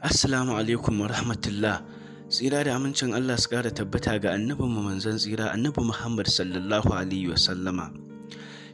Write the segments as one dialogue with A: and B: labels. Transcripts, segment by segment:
A: Assalamu alaikum wa rahmatullah. Tsira da amincin Allah su kara tabbata ga annabin mu manzon tsira annabi Muhammad sallallahu alaihi wa sallama.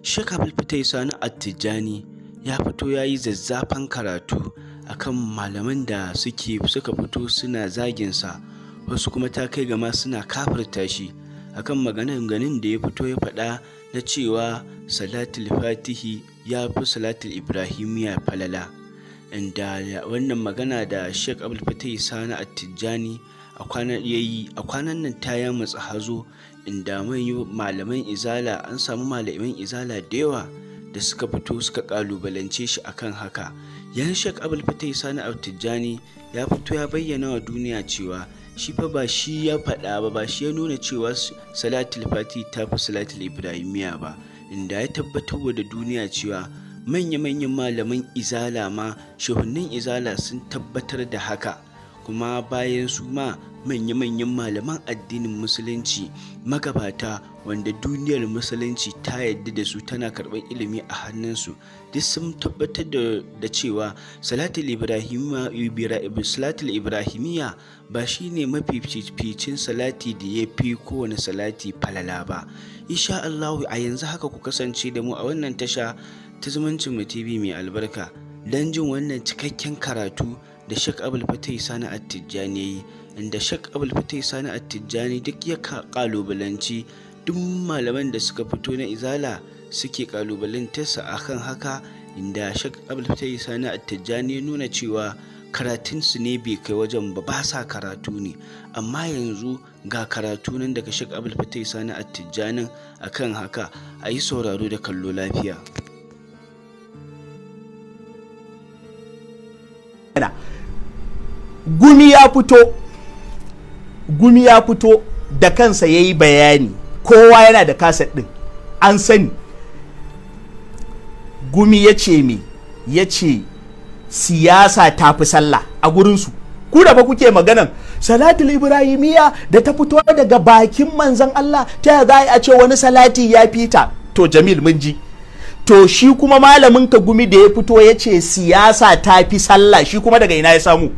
A: Sheikh Abdul Fatai Sani Attijani ya fito ya yi zazzafan karatu akan malaman da suke suka fito suna zagin sa wasu kuma ta kai gama suna kafirta shi akan maganar ganin da ya fito ya faɗa na cewa salatul fatihi ya fi salatul ibrahimiya falala. Inda wannan magana da sheik abulfatai sani attijani a kwanan nan ta ya matsa hazo inda malaman izala an samu malaman izala da yawa da suka fito suka kalubalance shi akan haka yan sheik abulfatai sani attijani ya fito ya bayyana wa duniya cewa shi fa ba shi ya faɗa ba ba shi ya nuna cewa salatul fati ta fi salatul ibrahimiya ba inda ya tabbatar da duniya cewa manya-manyan malaman izala ma shehunnin izala sun tabbatar da haka kuma bayan su ma manya-manyan malaman addinin musulunci magabata wanda duniyar musulunci ta yadda da su tana karɓar ilimi a hannunsu duk sun tabbatar da cewa salatul ibrahimiyya ba shi ne mafificin salati da ya fi kowane salati falala ba insha Allahu a yanzu haka ku kasance da mu a wannan tasha ta zumuncin mu TV mai albarka don jin wannan cikakken karatu da Sheikh Abul Fatai Sani Attijani yi inda Sheikh Abul Fatai Sani Attijani duk ya kalubalanci duk malaman da suka fito na izala suke kalubalantarsa akan haka inda Sheikh Abul Fatai Sani Attijani ya nuna cewa karatunsu ne bai kai wajen ba ba sa karatu ne amma yanzu ga karatu nan daga Sheikh Abul Fatai Sani Attijani akan haka a yi sauraro da kallo lafiya
B: gumi ya fito gumi ya fito da kansa ya yi bayani kowa yana da kaset ɗin an sani gumi ya ce me ya ce siyasa ta fi sallah a gurinsu ku da ba kuke maganan salatul ibrahimiya da ta fito daga bakin manzan Allah ta ya a ce wani salati ya fita to jamil mun ji to shi kuma malamin ka gumi da ya fito ya ce siyasa ta fi sallah shi kuma daga ina ya samu.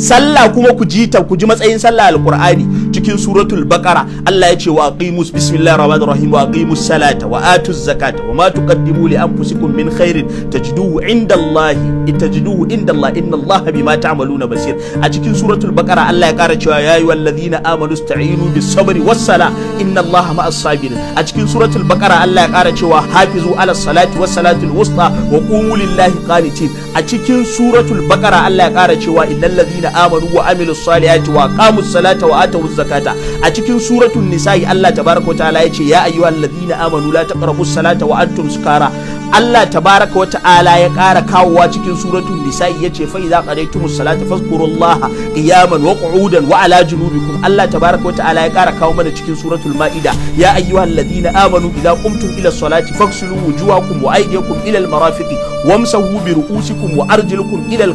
B: sallah kuma ku ji ta ku ji matsayin sallah alqur'ani cikin suratul bakara Allah ya ce wa aqimus bismillahir rahmanir rahim wa aqimus salata wa atuz zakata wa ma tuqaddimu li anfusikum min khairin tajiduhu indallahi tajiduhu indallahi innallaha bima ta'maluna basir a cikin suratul baqara Allah ya kara cewa ya ayyuhallazina amanu ista'inu bis sabri was sala innallaha ma'as sabirin a cikin suratul bakara Allah ya kara cewa hafizu ala salati was salatul wusta wa qumu lillahi qanitin a cikin suratul bakara Allah ya kara cewa innal ladina amanu wa amilus salihati wa aqamus salata wa atawuz zakata a cikin suratul nisa'i Allah tabaraka ta'ala ce ya ayyuhalladhina amanu la taqrabus salata wa antum sukara Allah tabaraka wa ta'ala ya ƙara kawowa cikin suratul nisa'i yace fa idza qadaytumus salata fazkurullaha qiyaman wa qu'udan wa ala junubikum Allah tabaraka wa ta'ala ya ƙara kawo mana cikin suratul ma'ida ya ayyuhalladhina amanu idza qumtum ila salati faghsilu wujuhakum wa aydiyakum ila al-marafiqi wamsahu bi ru'usikum wa arjulukum ila al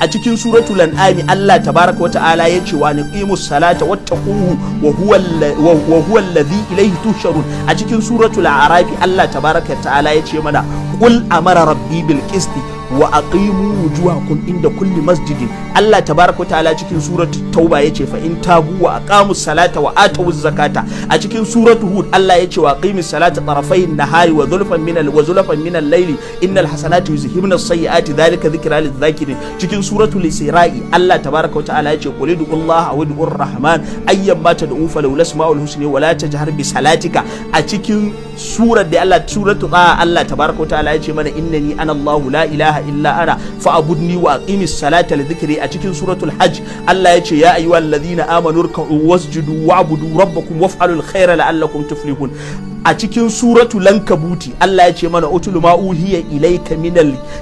B: a cikin suratul an'am Allah tabaraka wa ta'ala yace wa naqimus salata wattaquhu wa huwa wa huwa alladhi ilayhi tuhsharun a cikin suratul arafi Allah tabaraka wa ta'ala yace ce mana qul amara rabbi bil qisti wa aqimu wujuhakum inda kulli masjidin Allah tabaraka ta'ala cikin suratul tauba yace fa in tabu wa aqamu salata wa atu zakata a cikin suratul hud Allah yace wa aqimis salata tarafai nahari wa zulfan min al wa min al-layli innal hasanati yuzhibna as-sayyiati dhalika dhikra lidh-dhakirin cikin suratul isra'i Allah tabaraka ta'ala yace qul Allah wa rahman ayyamma tad'u falau lasma'ul husni wa la tajhar bi salatika a cikin surar da Allah suratu ta ah, Allah tabaraka ta'ala ya ce mana innani ana Allah la ilaha illa ana fa wa aqimis salata li dhikri a cikin suratul hajj Allah ya ce ya ayyuhal ladina amanu ruk'u wasjudu wa'budu rabbakum waf'alul khaira la'allakum tuflihun a cikin suratu lankabuti Allah ya ce mana utulu ma uhiya ilaika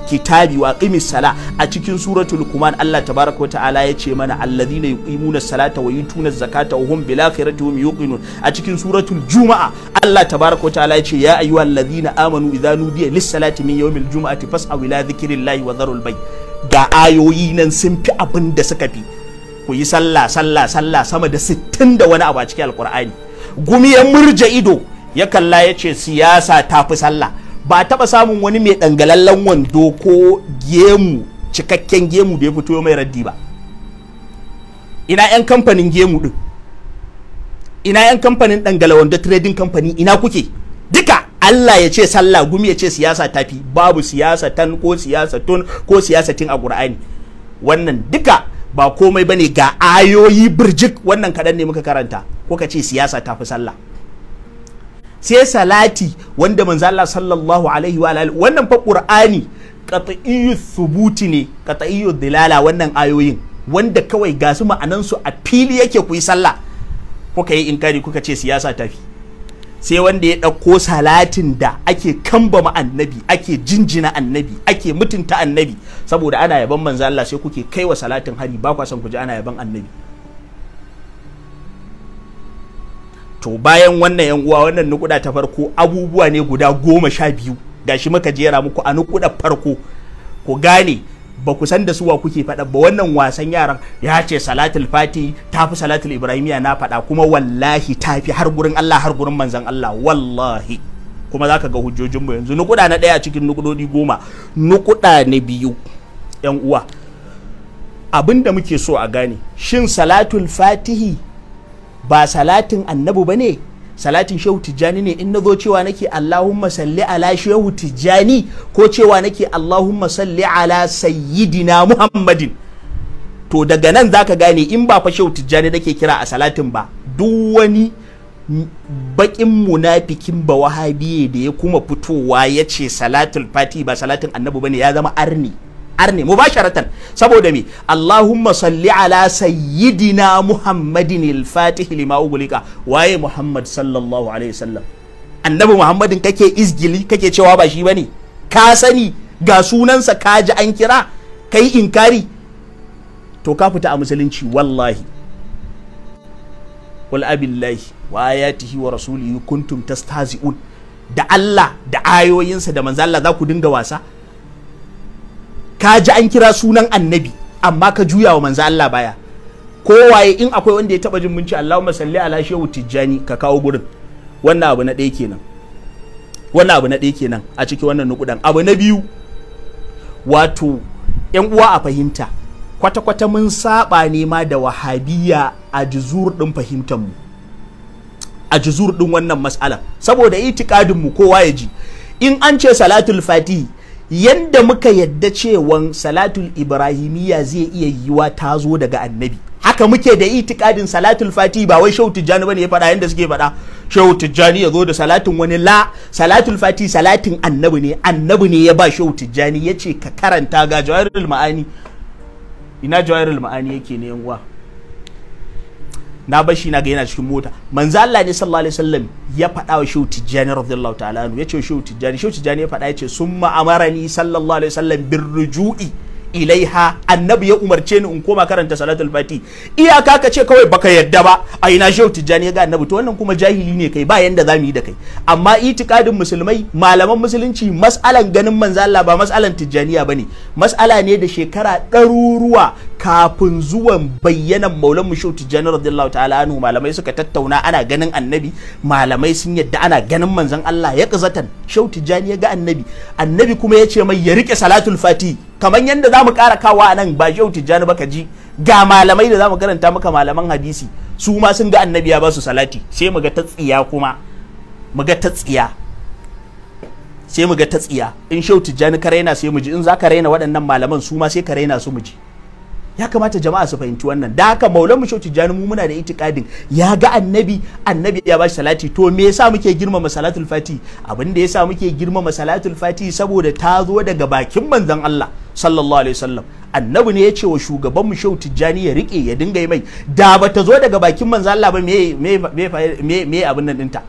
B: kitabi wa qimis sala a cikin suratul kuman Allah tabaraka wa ta'ala ya ce mana alladhina yuqimuna salata wa yutuna zakata wa hum bil akhirati hum yuqinun a cikin suratul juma'a Allah tabaraka wa ta'ala ya ce ya ayyuhalladhina amanu idza nudiya lis salati min yawmil juma'ati fas'aw ila dhikrillahi wa dharul bay ga ayoyi nan sun fi abin da suka fi ku yi sallah sallah sallah sama da 60 da wani abu a cikin alqur'ani gumiyan murja ido ya kalla ya ce siyasa ta fi sallah ba taɓa samun wani mai dangalallen wando ko gemu cikakken gemu da ya fito mai raddi ba ina 'yan kamfanin gemu din ina 'yan kamfanin dangala wando trading company ina kuke duka Allah ya ce sallah gumi ya ce siyasa tafi babu siyasa tan ko siyasa tun ko siyasa tin a Qur'ani wannan duka ba komai bane ga ayoyi birjik wannan kaɗan ne muka karanta ko ka ce siyasa tafi sallah sai salati wanda manzo Allah sallallahu alaihi wa alihi wannan fa qur'ani qat'iyyu thubuti ne qat'iyyu dilala wannan ayoyin wanda kawai ga su ma'anan su a fili yake ku yi sallah kuka yi inkari kuka ce siyasa tafi sai wanda ya ɗauko salatin da ake kambama annabi ake jinjina annabi ake mutunta annabi saboda ana yaban manzo Allah sai kuke kaiwa salatin hari ba kwa son ku ji ana yaban annabi to bayan wannan yan uwa wannan nukuda ta farko abubuwa ne guda goma sha biyu gashi muka jera muku a nukuda farko ku gane ba ku san da suwa kuke faɗa ba wannan wasan yaran ya ce salatul fati ta fi salatul ibrahimiya na faɗa kuma wallahi ta fi har gurin Allah har gurin manzan Allah wallahi kuma za ka ga mu yanzu nukuda na ɗaya cikin nukudodi goma nukuda na biyu yan uwa abin da muke so a gane shin salatul fatihi ba salatin annabu ba ne salatin shehu tijjani ne in nazo cewa nake allahumma salli ala shehu tijjani ko cewa nake allahumma salli ala sayyidina muhammadin to daga nan zaka gane in ba fa shehu tijjani nake kira a salatin ba duk wani bakin munafikin ba wahabiye da ya kuma fitowa ya ce salatul fati ba salatin annabi bane ya zama arni arne mubasharatan saboda me Allahumma salli ala sayyidina Muhammadin al-Fatih lima ugulika waye Muhammad sallallahu alaihi wasallam annabi Muhammadin kake izgili kake cewa ba shi bane ka sani ga sunansa ka ji an kira kai inkari to ka fita a musulunci wallahi wal abillahi wa ayatihi wa rasulihi kuntum tastazi'un da Allah da ayoyinsa da manzo Allah za ku dinga wasa ka ji an kira sunan annabi amma ka juya wa manzo Allah baya kowaye in akwai wanda ya taba jin munci Allahumma salli ala shehu tijjani ka kawo gurin wannan abu na ɗaya kenan wannan abu na ɗaya kenan a cikin wannan nukudan abu na biyu wato yan uwa a fahimta kwata-kwata mun saba ne ma da wahabiya a juzur din fahimtar mu a juzur din wannan mas'ala saboda itikadin mu kowa ya ji in an ce salatul fatihi yadda muka yadda cewan salatul ibrahimiyya zai iya yiwa ta zo daga annabi haka muke da itikadin salatul fati ba wai shehu tijjani bane ya faɗa yadda suke faɗa shehu tijjani ya zo da salatin wani la salatul fati salatin annabi ne annabi ne ya ba shehu tijjani ya ce ka karanta ga jawairul ma'ani ina jawairul ma'ani yake ne yan na bashi na ga yana cikin mota manzo Allah ne sallallahu alaihi wasallam ya faɗa wa Shehu Tijjani radiyallahu ta'ala anhu yace Shehu Tijjani Shehu Tijjani ya faɗa yace summa amarani sallallahu alaihi wasallam birruju'i ilaiha annabi ya umarce ni in koma karanta salatul fati iyaka ka ce kawai baka yadda ba a ina shehu tijjani ya ga annabi to wannan kuma jahili ne kai ba yanda zamu yi da kai amma itikadin musulmai malaman musulunci mas'alan ganin manzo Allah ba mas'alan tijjaniya bane mas'ala ne da shekara ɗaruruwa kafin zuwan bayyanan maulan mushu tijjani radiyallahu ta'ala anhu malamai suka tattauna ana ganin annabi malamai sun yadda ana ganin manzon Allah ya kazatan shehu tijjani ya ga annabi annabi kuma ya ce mai ya rike salatul fati kamar yadda za mu ƙara kawa a nan ba shehu tijjani ba ka ji ga malamai da za mu karanta maka malaman hadisi su ma sun ga annabi ya ba su salati sai mu ga ta tsiya kuma mu ga ta tsiya sai mu ga ta tsiya in tijjani ka raina sai mu ji in za ka raina waɗannan malaman su ma sai ka raina su mu ji ya kamata jama'a su fahimci wannan da haka maulan mu jani mu muna da itikadin ya ga annabi annabi ya bashi salati to me yasa muke girmama salatun fati abin da yasa muke girmama salatun fati saboda ta zo daga bakin manzan Allah sallallahu alaihi wasallam annabi ne ya ce wa shugaban mu shau tijjani ya rike ya dinga yi mai da bata zo daga bakin manzon Allah ba me me me me abin nan dinta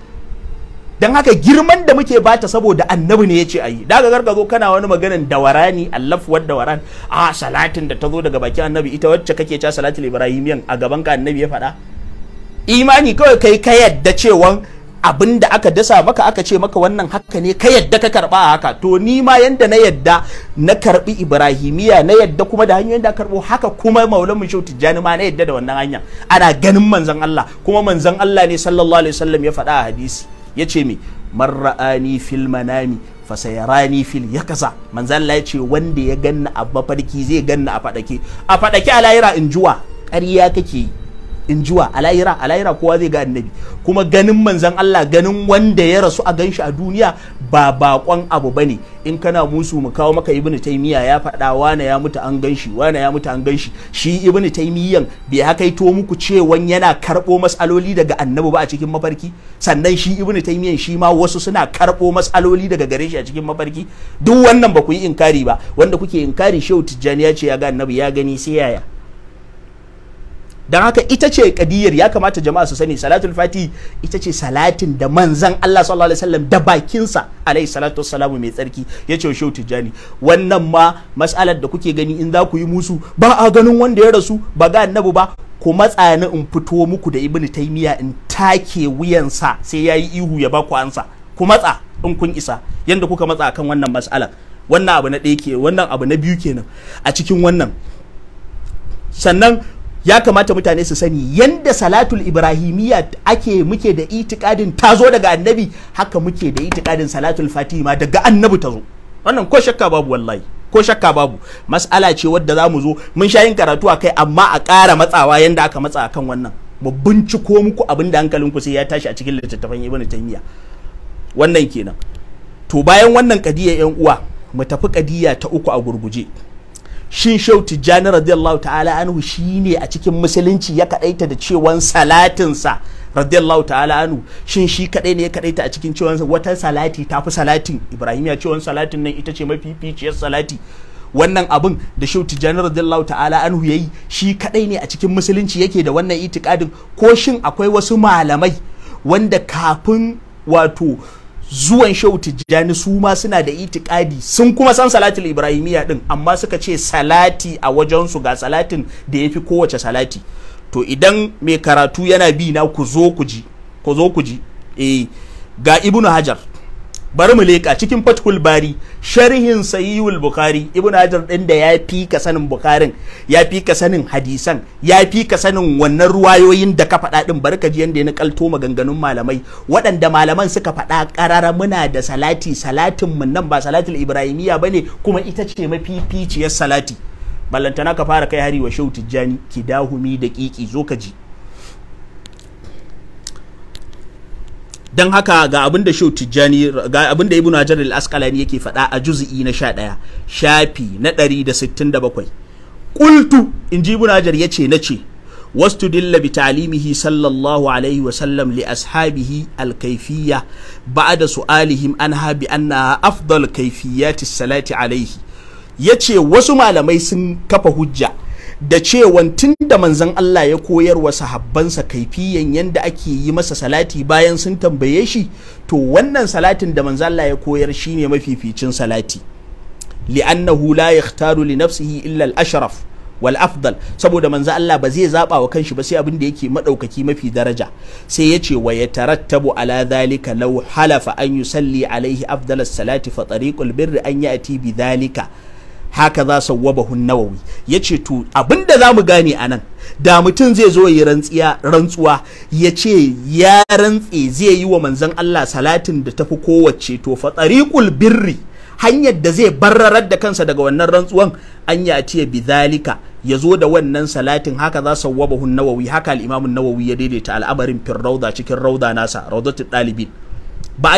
B: don haka girman da muke bata saboda annabi ne ya ce a yi daga garka zo kana wani maganan dawarani allafuwar dawaran a salatin da ta zo daga bakin annabi ita wacce kake ca salatin ibrahimiyan a gaban ka annabi ya faɗa imani kawai kai ka yadda cewa abin da aka dasa maka aka ce maka wannan haka ne ka yadda ka karba haka to ni ma yanda na yadda na karbi ibrahimiya na yadda kuma da hanyoyin da karbo haka kuma maulan mushu tijjani ma na yadda da wannan hanya ana ganin manzon Allah kuma manzon Allah ne sallallahu alaihi wasallam ya faɗa a hadisi yace me man ra'ani fil manami fa sayarani ya yakasa manzo Allah yace wanda ya ganna a mafarki zai ganna a fadake a fadake a layira in juwa ƙarya kake yi in jiwa a a kowa zai ga annabi kuma ganin manzan Allah ganin wanda ya rasu a ganshi a duniya ba bakon abu bane in kana musu mu kawo maka ibnu taymiya ya faɗa wane ya mutu an ganshi wane ya mutu an ganshi shi ibnu taymiyan bai hakaito muku cewan yana karbo masaloli daga annabi ba a cikin mafarki sannan shi ibnu taymiyan shi ma wasu suna karbo masaloli daga gare shi a cikin mafarki duk wannan ba ku yi inkari ba wanda kuke inkari shehu tijjani ya ce ya ga annabi ya gani sai yaya don haka ita ce kadiyar ya kamata jama'a su sani salatul fati ita ce salatin da manzan Allah sallallahu alaihi wasallam da bakinsa alaihi salatu wassalamu mai tsarki ya ce shau tijani wannan ma mas'alar da kuke gani in za ku yi musu ba a ganin wanda ya rasu ba ga annabi ba ku matsa ni in fito muku da ibnu taymiya in take wuyansa sai yayi ihu ya ba ku ansa ku matsa in kun isa yanda kuka matsa kan wannan mas'alar wannan abu na ɗaya ke wannan abu na biyu kenan a cikin wannan sannan ya kamata mutane su sani yanda salatul ibrahimiyya ake muke da itikadin ta zo daga annabi haka muke da itikadin salatul fatima daga annabi ta zo wannan ko shakka babu wallahi ko shakka babu mas'ala ce wadda za mu zo mun sha yin karatu a kai amma a ƙara matsawa yanda aka matsa kan wannan mu ciko muku abin da hankalinku sai ya tashi a cikin littattafan ibnu taymiya wannan kenan to bayan wannan kadiya yan uwa mu tafi kadiya ta uku a gurguje shin shau tijjani radiyallahu ta'ala anhu ne a cikin musulunci ya kadaita da cewan salatinsa radiyallahu ta'ala anhu shin shi kadai ne ya kadaita a cikin cewan wata salati ta fi salatin ibrahim ya cewan salatin nan ita ce mafi mafificiyar salati wannan abin da shau tijjani radiyallahu ta'ala anhu yi shi kadai ne a cikin musulunci yake da wannan itikadin ko shin akwai wasu malamai wanda kafin wato zuwan shehu tijjani su ma suna da itikadi sun kuma san salatul ibrahimiyya din amma suka ce salati a wajensu ga salatin da ya fi kowace salati to idan mai karatu yana bi na ku zo ku ji eh, ga ibnu hajar bari mu leƙa cikin fathul bari sharhin sayyul bukhari ibn hajar din da ya fi ka sanin bukharin ya fi ka sanin hadisan ya fi ka sanin wannan ruwayoyin da ka faɗa din bari ka ji yanda ya kalto maganganun malamai waɗanda malaman suka faɗa ƙarara muna da salati salatin mun nan ba salatul ibrahimiyya bane kuma ita ce mafificiyar salati ballantana ka fara kai hari wa shau tijjani ki dahumi da kiki zo ka ji don haka ga abin da shau tijjani ga abin da ibu na jarar yake faɗa a juzi'i na sha ɗaya shafi na ɗari da sittin da bakwai ƙultu in ji ibu na jarar ya ce na ce wasu dilla bi sallallahu alaihi wa sallam li ashabihi alkaifiya ba a da su alihim an habi an afdal kaifiya ta salati alaihi yace wasu malamai sun kafa hujja da cewan tun da manzan Allah ya koyar wa sahabbansa kaifiyan yadda ake yi masa salati bayan sun tambaye shi to wannan salatin da manzan Allah ya koyar shine mafificin salati li'annahu la yakhtaru li nafsihi illa al-ashraf wal afdal saboda manzan Allah ba zai zaba wa kanshi ba sai abin da yake madaukaki mafi daraja sai yace wa yatarattabu ala dhalika law halafa an yusalli alaihi afdalas salati fa tariqul birri an ya'ti bi dhalika haka za su wabahun nawawi yace to abinda zamu gane nan da mutum zai zo yi rantsiya rantsuwa ya ce ya rantse zai yi wa manzan Allah salatin da tafi kowace to fa birri hanyar da zai barrarar da kansa daga wannan rantsuwan an ya ce zalika ya zo da wannan salatin haka za su wabahun nawawi haka al'imamun nawawi ya daidaita al'amarin firrauda cikin rauda nasa raudatul dalibin ba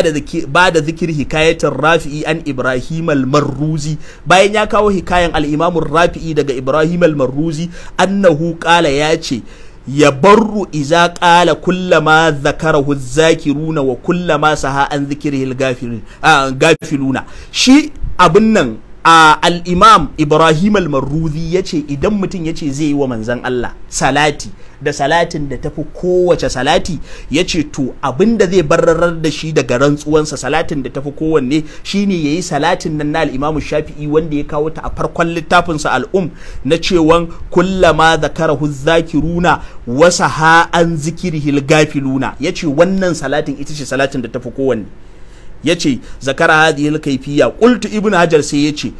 B: da zikir hikayatin rafi'i an ibrahim al-marruzi bayan ya kawo hikayan al rafi'i daga ibrahim al-marruzi annahu kala ya ce ya barru iza kala zakara zakarahu zakiruna wa kullama saha an zikirihil gafiluna shi abin nan a al'imam ibrahim al maruzi ya ce idan mutum ya ce zai yi wa manzan Allah salati da salatin da tafi kowace salati ya ce to abin da zai bararar da shi daga rantsuwansa salatin da tafi kowanne shine ya yi salatin nan na al’imam shafi'i wanda ya kawo ta a farkon littafinsa al'um na cewan kullama zakarahu zakiruna wasa ha an hilgafi luna ya ce wannan salatin ita ce salatin da tafi kowanne yace zakara hadhihi al-kayfiyya ƙultu ibnu hajar sai yace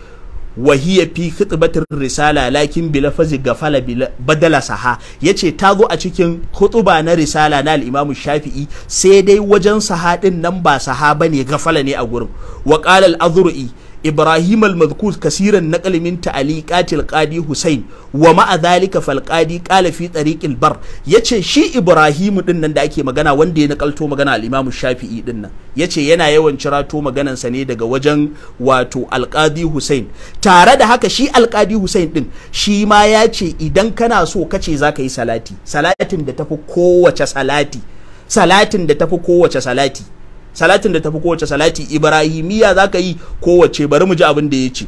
B: wa hiya fi khutbatir risala lakin bi lafazi gafala badala saha yace ta zo a cikin hutuba na risala na al-imam shafi'i sai dai wajen saha din nan ba saha bane gafala ne a gurin wa qala al-azru'i ibrahim al-madhkur kasiran naqalimin min ta'liqat qadi husayn wa ma'a dhalika fal qadi qala fi tariq bar yace shi ibrahim din nan da ake magana wanda ya nakalto magana al-imam shafi'i din nan yace yana yawan cirato maganan sa ne daga wajen wato al-qadi husayn tare da haka shi al-qadi husayn din shi ma yace idan kana so kace zaka yi salati salatin da tafi kowace salati salatin da tafi kowace salati salatin da tafi kowace salati ibrahimiya za ka yi kowace bari mu ji abin da ya ce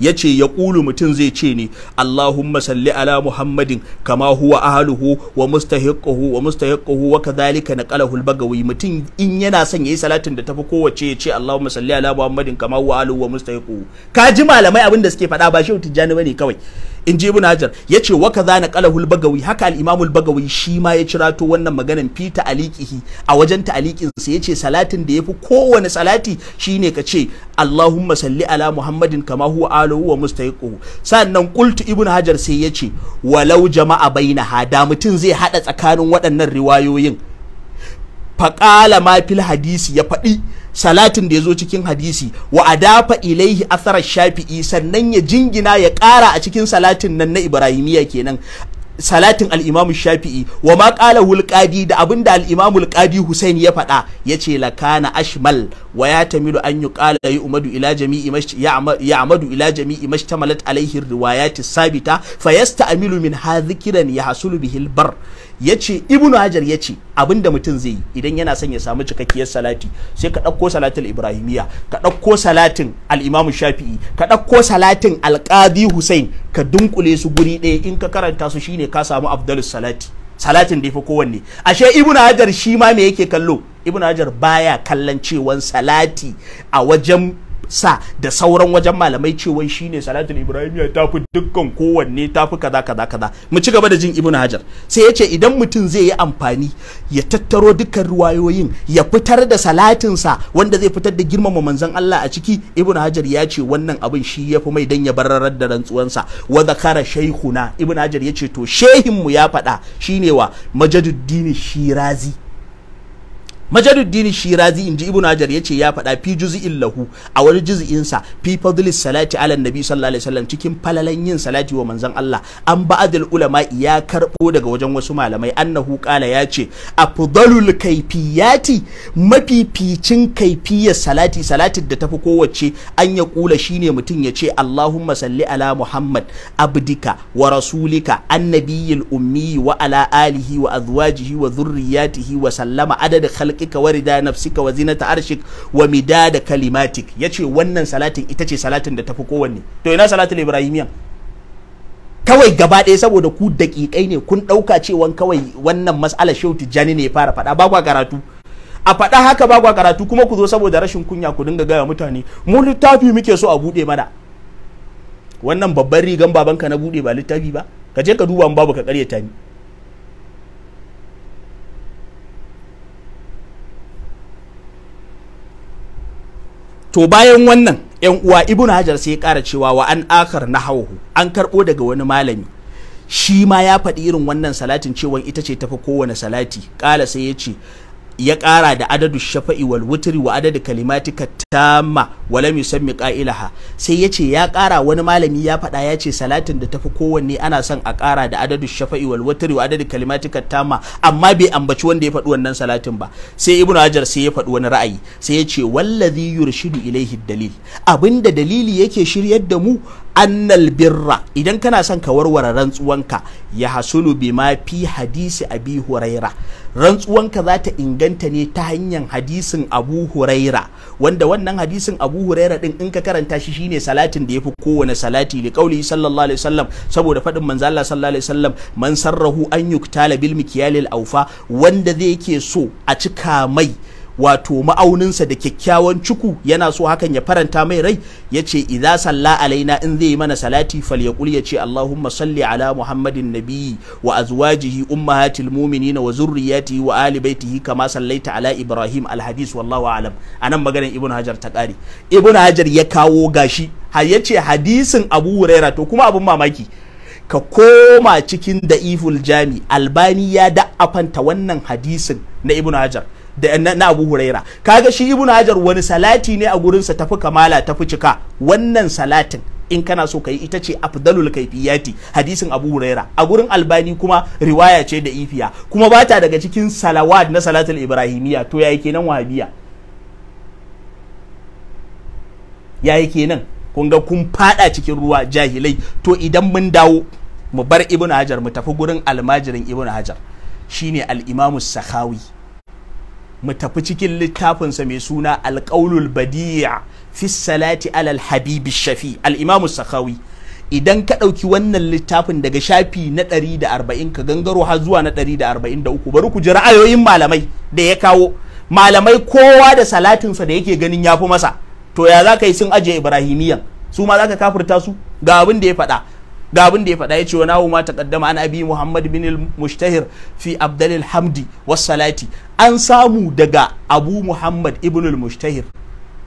B: ya ce ya ƙulu mutum zai ce ne Allahumma salli ala Muhammadin kama huwa ahaluhu wa mustahiqquhu wa mustahiqquhu wa kadhalika naqalahu al-bagawi mutum in yana son yayi salatin da tafi kowace ya ce Allahumma salli ala Muhammadin kama huwa ahaluhu wa mustahiqquhu ka ji malamai abin da suke faɗa ba shi tijjani bane kawai in ji ibn hajar yace ce wa kaza na qalahul bagawi haka Al'imamul bagawi shi ma ya cirato wannan maganan fita Alikihi a wajen ta'aliqin sa yace salatin da ya fi kowane salati shine ka ce Allahumma salli ala Muhammadin kama huwa aluhu wa mustahiquhu sannan qultu ibn hajar sai yace walau jama'a baina hada mutum zai hada tsakanin waɗannan riwayoyin faƙala ma fil hadisi ya faɗi salatin da ya zo cikin hadisi wa adafa ilaihi asarar shafi'i sannan ya jingina ya ƙara a cikin salatin nan na ibrahimiya kenan salatin al'imamu shafi'i wa ma ƙala wulƙadi da abin da al'imamu wulƙadi Hussein ya faɗa ya ce lakana ashmal wa ya tamilu an yi ƙala yi umadu ila jami'i ya amadu ila jami'i tamalat alaihi riwayati sabita fa yasta amilu min hazikiran ya hasulu bihil bar ya ce ibnu hajar ya ce abinda mutum zai yi idan yana son ya samu cikakkiyar salati sai ka ɗauko salatin Ibrahimiyya ka ɗauko salatin al'imamu shafi'i ka ɗauko salatin alƙadi Hussain ka dunkule su guri ɗaya in ka karanta su shine ka samu abdalus salati salatin da ya fi kowanne ashe ibnu hajar shi ma me yake kallo ibnu hajar baya kallon cewan salati a wajen sa da sauran wajen malamai cewa shine salatul ibrahimiya ta fi dukkan kowanne tafi kaza kaza kaza mu ci gaba da jin ibnu hajar sai yace idan mutum zai yi amfani ya tattaro dukkan ruwayoyin ya fitar da salatinsa wanda zai fitar da girmama manzon Allah a ciki ibnu hajar ya ce wannan abin shi ya fi mai dan ya bararar da rantsuwansa wa zakara shaykhuna ibnu hajar ya ce to shehin mu ya faɗa shine wa majaduddin shirazi majaluddin shirazi inji ibnu hajar yace ya faɗa fi juz'in lahu a wani juz'in sa fi salati ala nabi sallallahu alaihi wasallam cikin falalan yin salati wa manzon Allah an ba'dul ulama ya karbo daga wajen wasu malamai annahu qala yace afdalul kayfiyati mafificin kayfiyar salati salatin da tafi kowace an ya kula shine mutum yace Allahumma salli ala Muhammad abdika wa rasulika annabiyil ummi wa ala alihi wa azwajihi wa dhurriyyatihi wa sallama adad khalq khalqika wa rida nafsika wa zinata arshik wa midada kalimatik yace wannan salatin ita ce salatin da tafi kowanne to ina salatul ibrahimiyan kawai gaba ɗaya saboda ku daƙiƙai ne kun ɗauka cewa kawai wannan mas'ala shehu tijjani ne fara faɗa ba kwa karatu a faɗa haka ba kwa karatu kuma ku zo saboda rashin kunya ku dinga gaya mutane mu littafi muke so a buɗe mana wannan babban rigan babanka na buɗe ba littafi ba ka je ka duba babu ka ƙaryata ni to bayan wannan yan uwa ibnu hajar sai ya kara cewa wa an akar na hauhu an karɓo daga wani malami shi ma ya faɗi irin wannan salatin cewa ita ce tafi kowane salati kala sai ya ce ya ƙara da adadu shafa'i wal wutri wa adadu kalimatika tama wa lam yusammi qailaha sai yace ya ƙara wani malami ya faɗa ya ce salatin da tafi kowanne ana son a ƙara da adadu shafa'i wal wutri wa adadu kalimatika tama. amma bai ambaci wanda ya faɗi wannan salatin ba sai ibnu hajar sai ya faɗi wani ra'ayi sai yace wallazi yurshidu ilaihi dalil abinda dalili yake shiryar da mu annal birra idan kana son ka warware rantsuwanka ya hasulu ma fi hadisi abi huraira rantsuwanka za ta inganta ne ta hanyar hadisin abu huraira wanda wannan hadisin abu huraira din in ka karanta shi shine salatin da ya fi kowane salati li qauli sallallahu alaihi wasallam saboda fadin manzo Allah sallallahu alaihi wasallam man sarrahu an yuktala bil mikyalil aufa wanda zai yake so a cika mai wato ma'auninsa da kyakkyawan cuku yana so hakan ya faranta mai rai ya ce idza salla alaina in zai mana salati falyaqul ya ce allahumma salli ala muhammadin nabiyyi wa azwajihi ummahatil mu'minina wa zurriyyatihi wa ali baitihi kama sallaita ala ibrahim alhadis wallahu alam anan maganar ibnu hajar ta kare ibnu hajar ya kawo gashi har ya hadisin abu huraira to kuma abun mamaki ka koma cikin da iful jami albani ya da'afanta wannan hadisin na ibnu hajar da na Abu Huraira kaga shi Ibn Hajar wani salati ne a gurinsa tafi kamala tafi cika wannan salatin in kana so kai ita ce afdalul kaifiyati hadisin Abu Huraira a gurin Albani kuma riwaya ce da ifiya kuma bata daga cikin salawat na salatul ibrahimiyya to yayi kenan wahabiya yayi kenan kun ga kun fada cikin ruwa jahilai to idan mun dawo mu bar Ibn Hajar mu tafi gurin almajirin Ibn Hajar shine al-Imam Sakhawi mu tafi cikin littafinsa mai suna alƙaulul badiya fi salati alal habibi shafi al'imamu sakawi idan ka ɗauki wannan littafin daga shafi na 140 ka gangaro har zuwa na 143 bari ku ji ra'ayoyin malamai da ya kawo malamai kowa da salatinsa da yake ganin ya fi masa to ya za ka yi sun ajiye ibrahimiyan su ma za ka kafirta su ga abin da ya faɗa ga abin da ya faɗa ya ce wa nawo ma taqaddama an abi muhammad bin mushtahir fi abdalil hamdi was salati an samu daga abu muhammad ibn mushtahir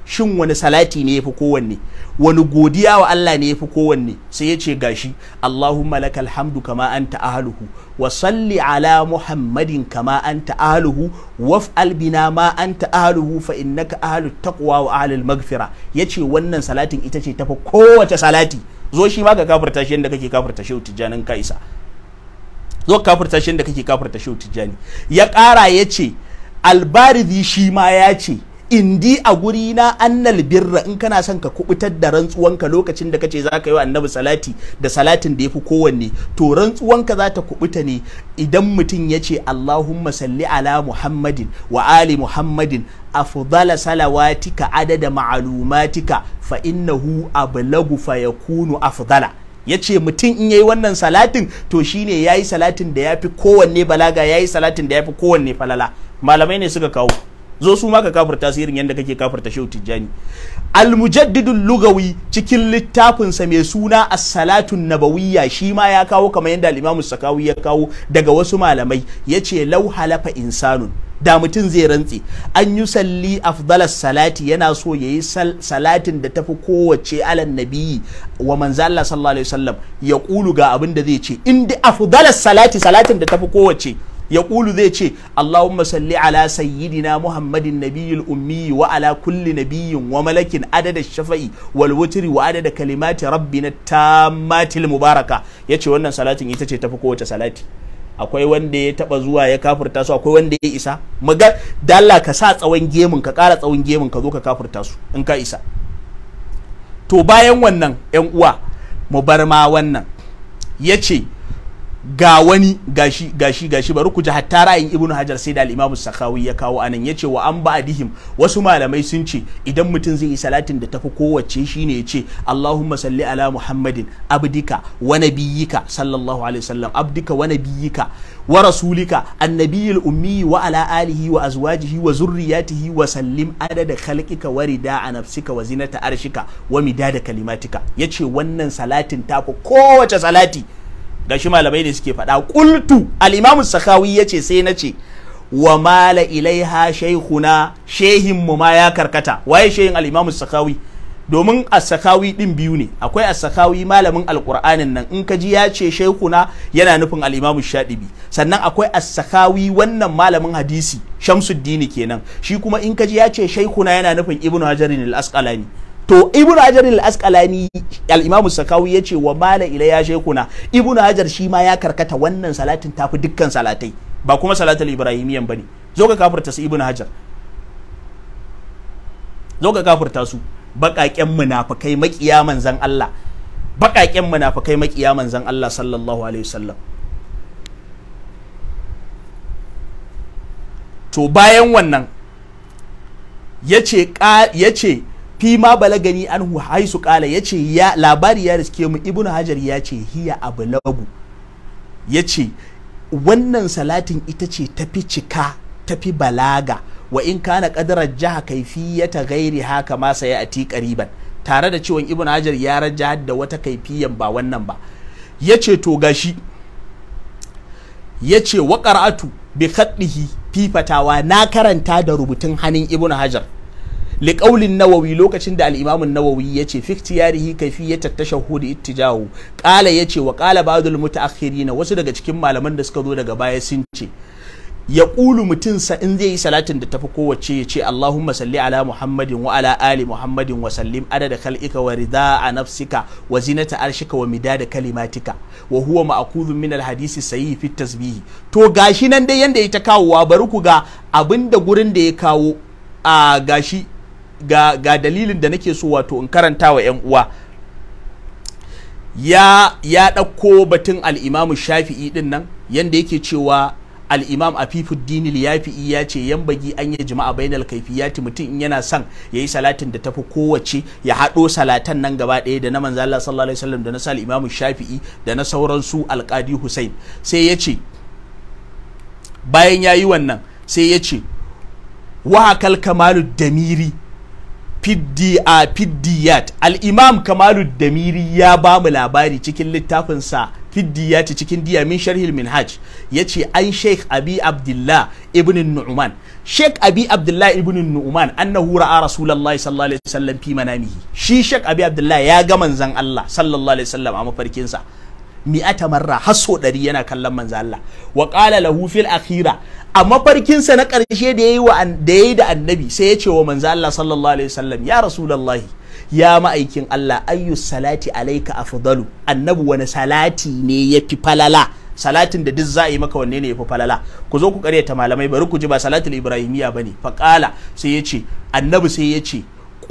B: shin wani salati ne fi kowanne wani godiya wa Allah ne fi kowanne sai ya ce gashi Allahumma lakal hamdu kama anta ahluhu wa salli ala muhammadin kama anta ahluhu Waf Albina ma anta ahluhu fa innaka ahlut taqwa wa ahlul magfira yace wannan salatin ita ce tafi kowace salati zo shi ma ka kafirta shi yadda kake kafirta shi tijjanin ka isa zo kafirta shi yadda kake kafirta shehu tijjani ya ƙara ya ce albarizi shi ma ya ce indi a guri na annal birra in kana son ka kubutar da rantsuwanka lokacin da kace zaka yi wa annabi salati da salatin da yafi kowanne to rantsuwanka za ta kubuta ne idan mutum ya ce Allahumma salli ala Muhammadin wa ali Muhammadin afdala salawatika adada ma'lumatika fa innahu ablagu fa yakunu afdala ya ce mutum in yayi wannan salatin to shine yayi salatin da yafi kowanne balaga yayi salatin da yafi kowanne falala malamai ne suka kawo zo su ma ka kafirta su irin yadda kake kafirta shehu tijjani almujaddidul lugawi cikin littafinsa mai suna as-salatun nabawiyya shi ma ya kawo kamar yadda al-imamu sakawi ya kawo daga wasu malamai yace lau halafa insanun da mutum zai rantse an yi salli afdalas salati yana so ya yi salatin da tafi kowace alan nabiyyi wa manzo Allah sallallahu alaihi wasallam ya kulu ga abin da zai ce in afdalas salati salatin da tafi kowace ya kulu zai ce Allahumma salli ala sayyidina Muhammadin nabiyil ummi wa ala kulli nabiyyin wa malakin adada shafa'i wal wutri wa adada kalimati rabbina tammatil mubaraka yace wannan salatin ita ce tafi kowace salati akwai wanda ya taba zuwa ya kafirta su akwai wanda ya isa maga dalla ka sa tsawon gemun ka kara tsawon gemun ka zo ka kafurta su in ka isa to bayan wannan yan uwa mu bar ma wannan yace ga wani gashi gashi gashi bari ku ji hatta ra'ayin ibnu hajar sai da al-imamu sakawi ya kawo anan yace wa an ba'dihim wasu malamai sun ce idan mutum zai yi salatin da tafi kowace shine yace Allahumma salli ala Muhammadin abdika wa nabiyyika sallallahu alaihi wasallam abdika wa nabiyyika wa rasulika annabiyil ummi wa ala alihi wa azwajihi wa zurriyatihi wa sallim adada khalqika wa a nafsika wa zinata arshika wa midada kalimatika yace wannan salatin tafi kowace salati shi malamai ne suke faɗa kultu al'imamu sakawi ya ce sai na ce wa mala ilaiha shaihuna shehin mu ma ya karkata waye shehin al'imamu sakawi domin as sakawi din biyu ne akwai as sakawi malamin alqur'anin nan in ka ji ya ce shaykhuna yana nufin al Shaɗibi. sannan akwai as sakawi wannan malamin hadisi shamsuddini kenan shi kuma in ka ji ya ce shaykhuna yana nufin ibnu hajarin al-asqalani to ibn hajar al-asqalani al-imamu sakawi yace wa mala ila ya shekuna ibn hajar shi ma ya karkata wannan salatin tafi dukkan salatai ba kuma salatul ibrahimiyan bane zo ka kafurta su ibn hajar zo ka kafurta su baƙaƙen munafikai maƙiya manzan Allah baƙaƙen munafikai maƙiya manzan Allah sallallahu alaihi wasallam to bayan wannan yace yace fi ma balagani anhu haisu kala yace ya labari ya riske mu Ibn hajar ya ce hiya Ya ce wannan salatin ita ce tafi cika tafi balaga wa in kana kaifi jaha ta gairi haka ma sai ati kariban tare da cewa Ibn hajar ya raja da wata kaifiyan ba wannan ba Ya ce to gashi yace wa qara'atu bi khaddihi fi fatawa na karanta da rubutun hannun Ibn hajar liƙaulin nawawi lokacin da al-imam an-nawawi yace fi ikhtiyarihi hudu at-tashahhud ittijahu qala yace wa qala ta mutaakhirin wasu daga cikin malaman da suka zo daga baya sun ce ya ƙulu sa in zai yi salatin da tafi kowace ya ce Allahumma salli ala Muhammadin wa ala ali Muhammadin wa sallim adada khalqika wa rida a nafsika wa zinata arshika wa da kalimatika wa huwa ma'akuzun min alhadisi sayi fi tasbihi to gashi nan dai yanda ya ta kawowa bari ku ga abinda gurin da ya kawo a gashi ga, ga dalilin da nake so wato in karanta wa 'yan uwa ya ya ɗauko batun al'imamu shafi'i din nan yanda yake cewa al'imam a fifuddin yafi'i ya ce yan bagi an yi jima'a bainal kaifiyati mutum in yana son ya yi salatin da tafi kowace ya haɗo salatan nan gaba ɗaya da na manzo Allah sallallahu alaihi wasallam da na sal Al'imamu shafi'i da na sauran su alƙadi Hussein sai ya ce bayan ya yi wannan sai ya ce wa hakal kamalu damiri fiddiyat al'imam kamalu damiri ya ba mu labari cikin littafinsa fiddiyat cikin diyamin min sharhil minhaj ya ce an sheikh abi abdullah ibn nu'man sheikh abi abdullah ibn nu'man annahu ra'a rasulullahi sallallahu alaihi wasallam fi manamihi shi sheikh abi abdullah ya ga manzon Allah sallallahu alaihi wasallam a mafarkinsa mi'ata marra har so ɗari yana kallon manzo Allah wa qala lahu fil akhira a mafarkinsa na ƙarshe da yayi wa da yayi da annabi sai ya ce wa manzo Allah sallallahu alaihi wasallam ya rasulullahi ya ma'aikin Allah ayyu salati alayka afdalu annabi wani salati ne yafi falala salatin da duk za a yi maka wanne ne yafi falala ku zo ku karyata malamai bari ku ji ba salatul ibrahimiya ne. faqala sai ya ce annabi sai ya ce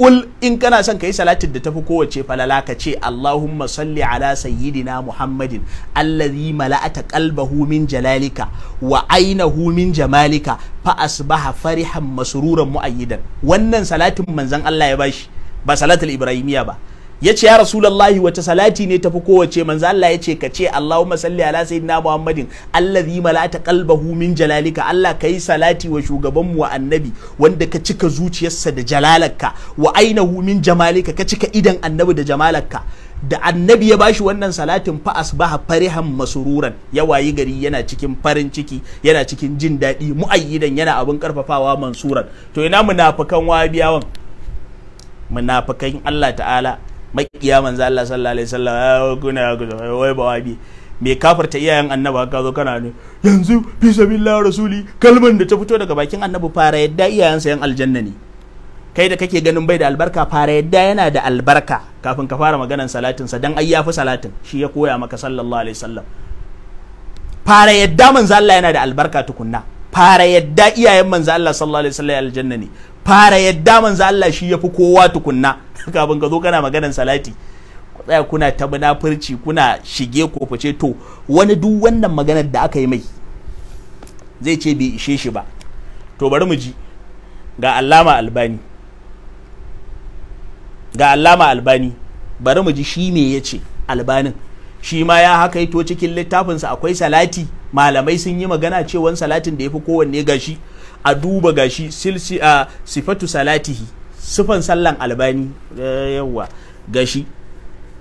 B: kul in kana son ka yi salatin da ta fi kowace falala ka ce Allahumma salli ala sayyidina Muhammadin allazi mala'ata qalbahu min jalalika wa ainahu min jamalika fa asbaha farihan masruran muayyidan wannan salatin manzon Allah ya bashi ba salatul ibrahimiya ba ya ce ya rasulullahi wace salati ne tafi kowace manzo Allah ya ce ka ce Allahumma salli ala sayyidina Muhammadin allazi malata qalbahu min jalalika Allah kai salati wa shugabanmu wa annabi wanda ka cika zuciyarsa da jalalaka wa ainahu min jamalika ka cika idan annabi da jamalarka da annabi ya bashi wannan salatin fa asbaha farihan masururan ya wayi gari yana cikin farin ciki yana cikin jin daɗi mu'ayyidan yana abin karfafawa mansuran to ina munafikan biyawan? munafikan Allah ta'ala makiya manzo Allah sallallahu alaihi wasallam eh, kuna ku wai wabi mai kafarta iyayen annabi ka zo kana ne yanzu fi sabilillah rasuli kalman da ta fito daga bakin annabi fara yadda iyayensa yan aljanna ne kai da kake ganin bai da albarka fara yadda yana da albarka kafin ka fara maganan salatin sa dan ai fi salatin shi ya koya maka sallallahu alaihi wasallam fara yadda manzo Allah yana da albarka tukunna fara yadda iyayen manzo Allah sallallahu alaihi wasallam aljanna ne fara yadda manzo Allah shi fi kowa tukunna kafin ka zo kana maganar salati ku tsaya kuna ta munafurci kuna shige ko fice to wani duk wannan maganar da aka yi mai zai ce bai ishe shi ba to bari mu ji ga Allama Albani ga Allama Albani bari mu ji shi me yace Albanin shi ma ya haka ito cikin littafinsa akwai salati malamai sun yi magana cewa salatin da ya fi kowanne gashi a duba gashi silsi a sifatu salatihi sifan sallan albani eh, yawa gashi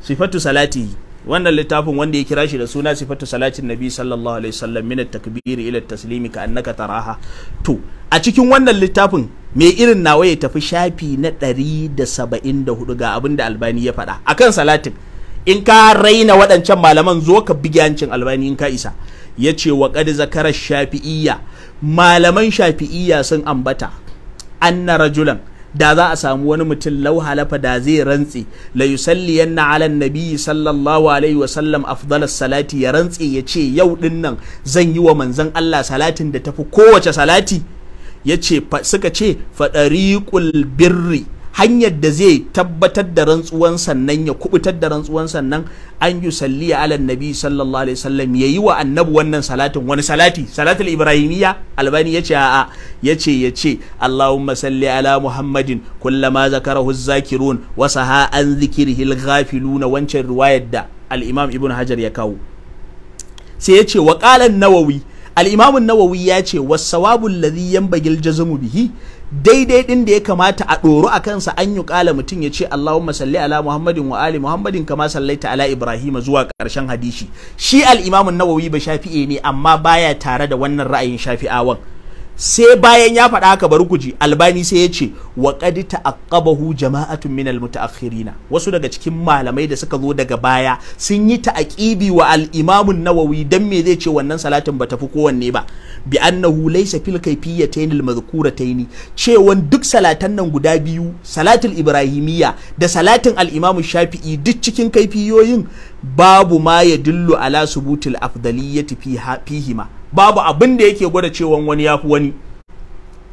B: sifatu salatihi wannan littafin wanda ya kira shi da suna sifatu salatin nabi sallallahu alaihi wasallam min takbiri ila taslimi ka annaka taraha to a cikin wannan littafin me irin nawa ya tafi shafi na 174 ga abin da albani ya faɗa akan salatin in ka raina waɗancan malaman zo ka bigiyancin albani in ka isa ya ce wa ƙadi zakarar shafi'iyya malaman shafi'iyya sun ambata anna rajulan da za a samu wani mutum lau halafa da zai rantse la yusalliyanna ala nabi sallallahu alaihi wa sallam afdalas salati ya rantse ya ce yau din nan zan yi wa manzon Allah salatin da tafi kowace salati ya ce suka ce fadariqul birri hanyar da zai tabbatar da rantsuwan sannan ya kubutar da rantsuwan sannan an yi salliya ala nabi sallallahu alaihi wasallam yayi wa annabi wannan salatin wani salati salatul ibrahimiyya albani ce a'a yace ce allahumma salli ala muhammadin kullama zakarahu zakirun wa saha an zikrihi ghafiluna wancan riwayar da al-imam ibnu hajar ya kawo sai yace wa qala an-nawawi al-imam an-nawawi yace was-sawabu alladhi yanbaghi al-jazmu bihi daidai din da ya kamata a ɗoro a kansa an yi ƙala mutum ya ce Allahumma salli ala Muhammadin wa ali Muhammadin kama sallaita ala Ibrahim zuwa ƙarshen hadishi shi al-Imam Nawawi ba shafi'e ne amma baya tare da wannan ra'ayin Shafi'awan sai bayan ya faɗa haka bari guji albani sai ya ce wa qad ta'aqqabahu jama'atun min muta'akhirina wasu daga cikin malamai da suka zo daga baya sun yi ta'aqibi wa al-imam nawawi dan me zai ce wannan salatin bata fi kowanne ba bi annahu laysa fil kayfiyatayn al-madhkuratayn cewan duk salatan nan guda biyu salatul ibrahimiyya da salatin al-imam shafi'i duk cikin kaifiyoyin babu ma ya dillu ala subutil afdaliyyati fihima babu abin da yake gwada cewa wani ya fi wani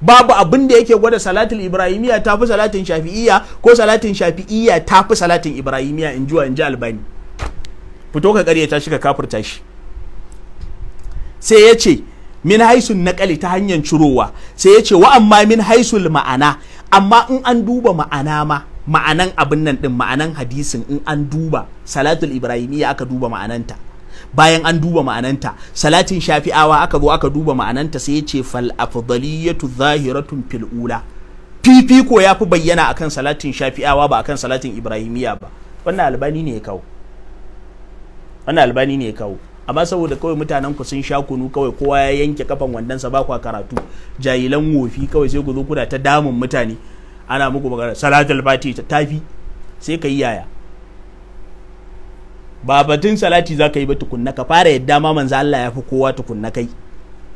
B: babu abin da yake gwada salatul ibrahimiya ta fi salatin shafi'iyya ko salatin shafi'iyya ta fi salatin ibrahimiya in jiwa in ji albani fito ka ta shi shiga ta shi sai ya ce min haisul naƙali ta hanyar cirowa sai ya ce wa amma min haisul ma'ana amma in an duba ma'ana ma ma'anan abin nan din ma'anan hadisin in an duba salatul Ibrahimiyya aka duba ma'ananta bayan an duba ma'ananta salatin shafi'awa aka zo aka duba ma'ananta sai ya ce fal afdaliyatu zahiratun fil ula fifiko ya fi bayyana akan salatin shafi'awa ba akan salatin ibrahimiya ba wannan albani ne ya kawo wannan albani ne kawo amma saboda kawai mutanen ku sun sha kunu kawai kowa ya yanke kafan wandonsa ba kwa karatu jahilan wofi kawai sai ku zo kuna ta damun mutane ana muku magana salatul fati ta tafi sai ka yi yaya ba batun salati zaka yi ba tukunna ka fara yadda ma manzo Allah ya fi kowa tukunna kai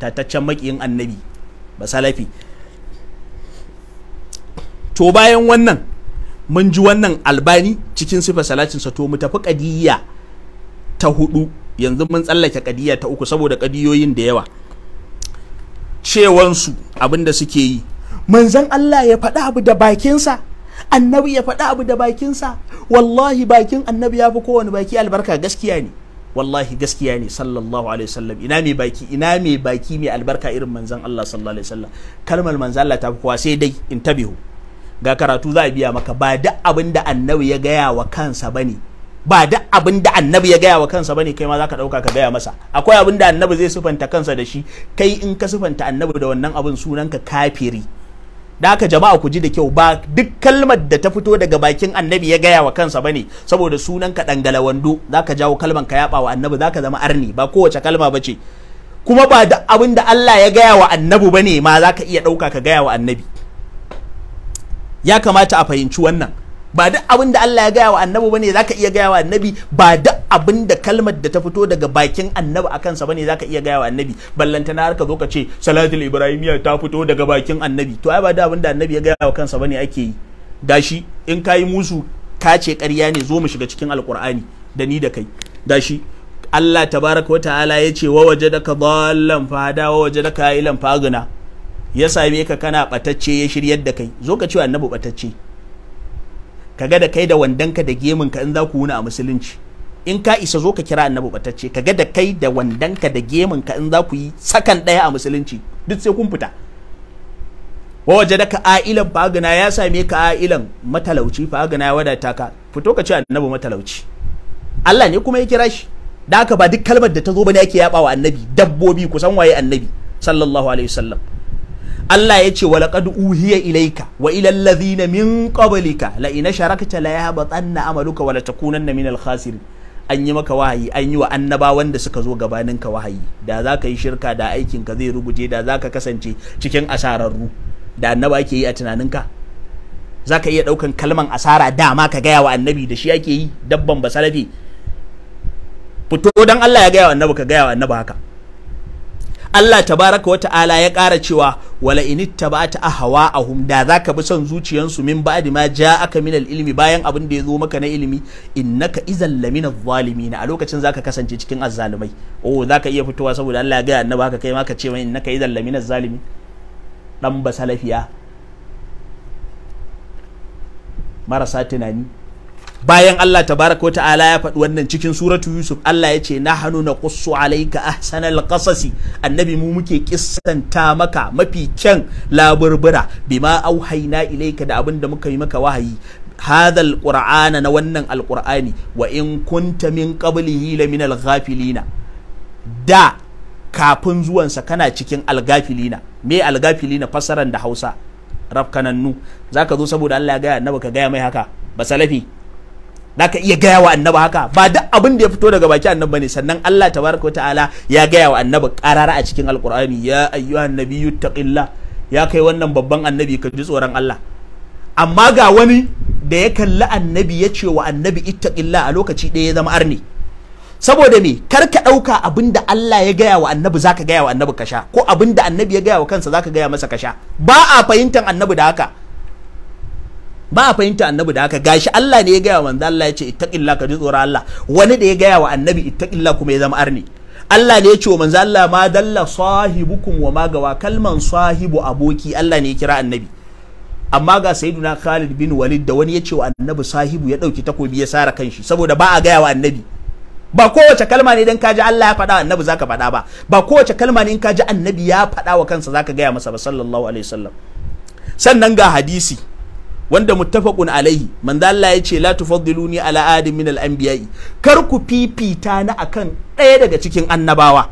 B: tataccen makiyin annabi ba salafi to bayan wannan mun ji wannan albani cikin sifa sa to mu tafi kadiyya ta hudu yanzu mun tsallake qadiyya ta uku saboda kadiyoyin da yawa cewansu abin da suke yi manzon Allah ya faɗa abu da bakinsa annabi ya faɗi abu da bakinsa wallahi bakin annabi ya fi kowane baki albarka gaskiya ne wallahi gaskiya ne sallallahu alaihi wasallam ina mai baki ina mai baki mai albarka irin manzon Allah sallallahu alaihi wasallam kalmar manzon Allah ta fi kowa sai dai in tabihu ga karatu za a biya maka ba duk abin da annabi ya gaya wa kansa bane ba duk abin da annabi ya gaya wa kansa bane kai ma zaka dauka ka gaya masa akwai abin da annabi zai sufanta kansa da shi kai in ka sufanta annabi da wannan abin sunanka kafiri da haka jama'a ku ji da kyau ba duk kalmar da ta fito daga bakin annabi ya gaya wa kansa bane saboda sunan ka dangala wando zaka jawo kalman ka yaba wa annabi zaka zama arni ba kowace kalma bace kuma ba da abin da Allah ya gaya wa annabi bane ma zaka iya dauka ka gaya wa annabi ya kamata a fahimci wannan ba duk abin da Allah ya gaya wa annabi bane zaka iya gaya wa annabi ba duk abin da kalmar da ta fito daga bakin annabi a kansa bane zaka iya gaya wa annabi ballanta na harka zo ka ce salatul ibrahimiyya ta fito daga bakin annabi to ai ba duk abin da annabi ya gaya wa kansa bane ake yi dashi in kayi musu ka ce ƙarya ne zo mu shiga cikin Alkur'ani. da ni da kai dashi Allah tabaraka wata'ala ya ce wa wajadaka dhallan fa hada wa wajadaka ilan fa ya same ka kana batacce ya shiryar da kai zo ka ce annabi batacce kaga da kai da wandanka da ka in za ku wuni a musulunci in ka isa zo ka kira annabi batacce kaga da kai da wandanka da ka in za ku yi sakan daya a musulunci duk sai kun fita wa waje da ka ailan fagana ya same ka ailan matalauci fagana ya wadata ka fito ka ce annabi matalauci Allah ne kuma ya kira shi da haka ba duk kalmar da ta zo bane ake yabawa annabi dabbobi kusan waye annabi sallallahu alaihi wasallam Allah ya ce walaqad uhiya ilaika wa ila alladhina min qablika la in sharakta la yahbatanna amaluka wa la takunanna al-khasir an yi maka wahayi an yi wa annaba wanda suka zo ka wahayi da za ka yi shirka da aikinka zai rubuje da za ka kasance cikin asararru da annaba ake yi a tunaninka za ka iya ɗaukan kalman asara dama ka gaya wa annabi da shi ake yi dabban basalafi fito don allah ya gaya wa annabi ka gaya wa annabi haka Allah tabaraka wa ta'ala ya ƙara cewa wala in ittaba'ta ahwa'ahum da zaka bi son zuciyansu min ba'di ma ja'aka min ilmi bayan abin da ya zo maka na ilimi innaka izan lamina zalimin a lokacin zaka kasance cikin azzalumai oh zaka iya fitowa saboda Allah ya ga annaba ka kai ma ka ce innaka izan lamina zalimin dan salafiya marasa tunani bayan Allah tabaraka wa ta'ala ya faɗi wannan cikin suratu Yusuf Allah ya ce na hannu na kusu alaika ahsanal qasasi annabi mu muke kissanta maka mafi kyan laburbura bima auhaina ilaika da abin da muka yi maka wahayi hadha alqur'ana na wannan alqur'ani wa in kunta min qablihi la alghafilina da kafin zuwansa kana cikin algafilina me algafilina fasaran da Hausa rafkanannu zaka zo saboda Allah ya gaya annaba ka gaya mai haka ba salafi da ka iya gaya wa annabi haka ba duk abin da ya fito daga baki annabi ne sannan Allah tabaraka wa ta'ala ya gaya wa annabi karara a cikin alqur'ani ya ayyuha nabiyyu taqilla ya kai wannan babban annabi ka ji tsoron Allah amma ga wani da ya kalli annabi ya ce wa annabi ittaqilla a lokaci ɗaya ya zama arni saboda me kar ka ɗauka abin da Allah ya gaya wa annabi zaka gaya wa annabi kasha ko abin da annabi ya gaya wa kansa zaka gaya masa kasha ba a fahimtar annabi da haka ba a fahimta annabi da haka gashi Allah ne ya gaya wa manzo Allah ya ce ittaqillah ka ji tsoro Allah wani da ya gaya wa annabi ittaqillah kuma ya zama arni Allah ne ya ce wa manzo Allah ma dalla sahibukum wa ma gawa kalman sahibu aboki Allah ne ya kira annabi amma ga sayyiduna Khalid bin Walid da wani ya ce wa annabi sahibu ya dauki takobi ya sara kanshi saboda ba a gaya wa annabi ba kowace kalma ne dan ka ji Allah ya faɗa annabi zaka faɗa ba ba kowace kalma ne in ka ji annabi ya faɗa wa kansa zaka gaya masa ba sallallahu alaihi wasallam sannan ga hadisi wanda muttafaqun alaihi manzo Allah ya ce la tufaddiluni ala adin min al-anbiya'i kar ku fifita ni akan ɗaya daga cikin annabawa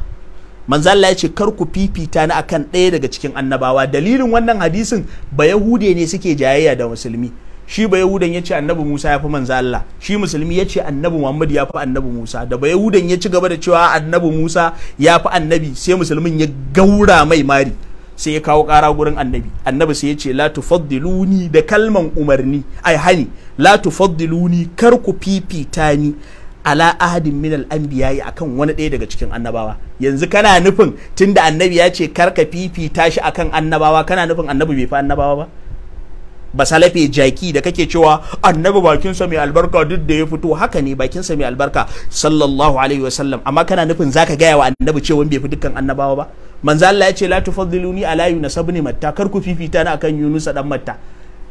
B: manzo Allah ya kar ku fifita ni akan ɗaya daga cikin annabawa dalilin wannan hadisin ba yahude ne suke jayayya da musulmi shi ba yahudan ya annabi musa ya manzo Allah shi musulmi yace annabi muhammad yafi annabi musa da ba yahudan ya ci gaba da cewa annabi musa ya fi annabi sai musulmin ya gaura mai mari sai ya kawo ƙara gurin annabi annabi sai ya ce la tufaddiluni da kalman umarni ai hani la tufaddiluni kar ku fifita ni ala ahadin min al-anbiya'i akan wani ɗaya daga cikin annabawa yanzu kana nufin tunda annabi ya ce kar ka fifita shi akan annabawa kana nufin annabi bai fi annabawa ba ba salafe jaki da kake cewa annabi bakinsa mai albarka duk da ya fito haka ne bakinsa mai albarka sallallahu alaihi wasallam amma kana nufin zaka gaya wa annabi cewa bai fi dukkan annabawa ba manzo Allah ya ce la tufadiluni ala yunus ibn matta kar ku fifita na akan yunus dan matta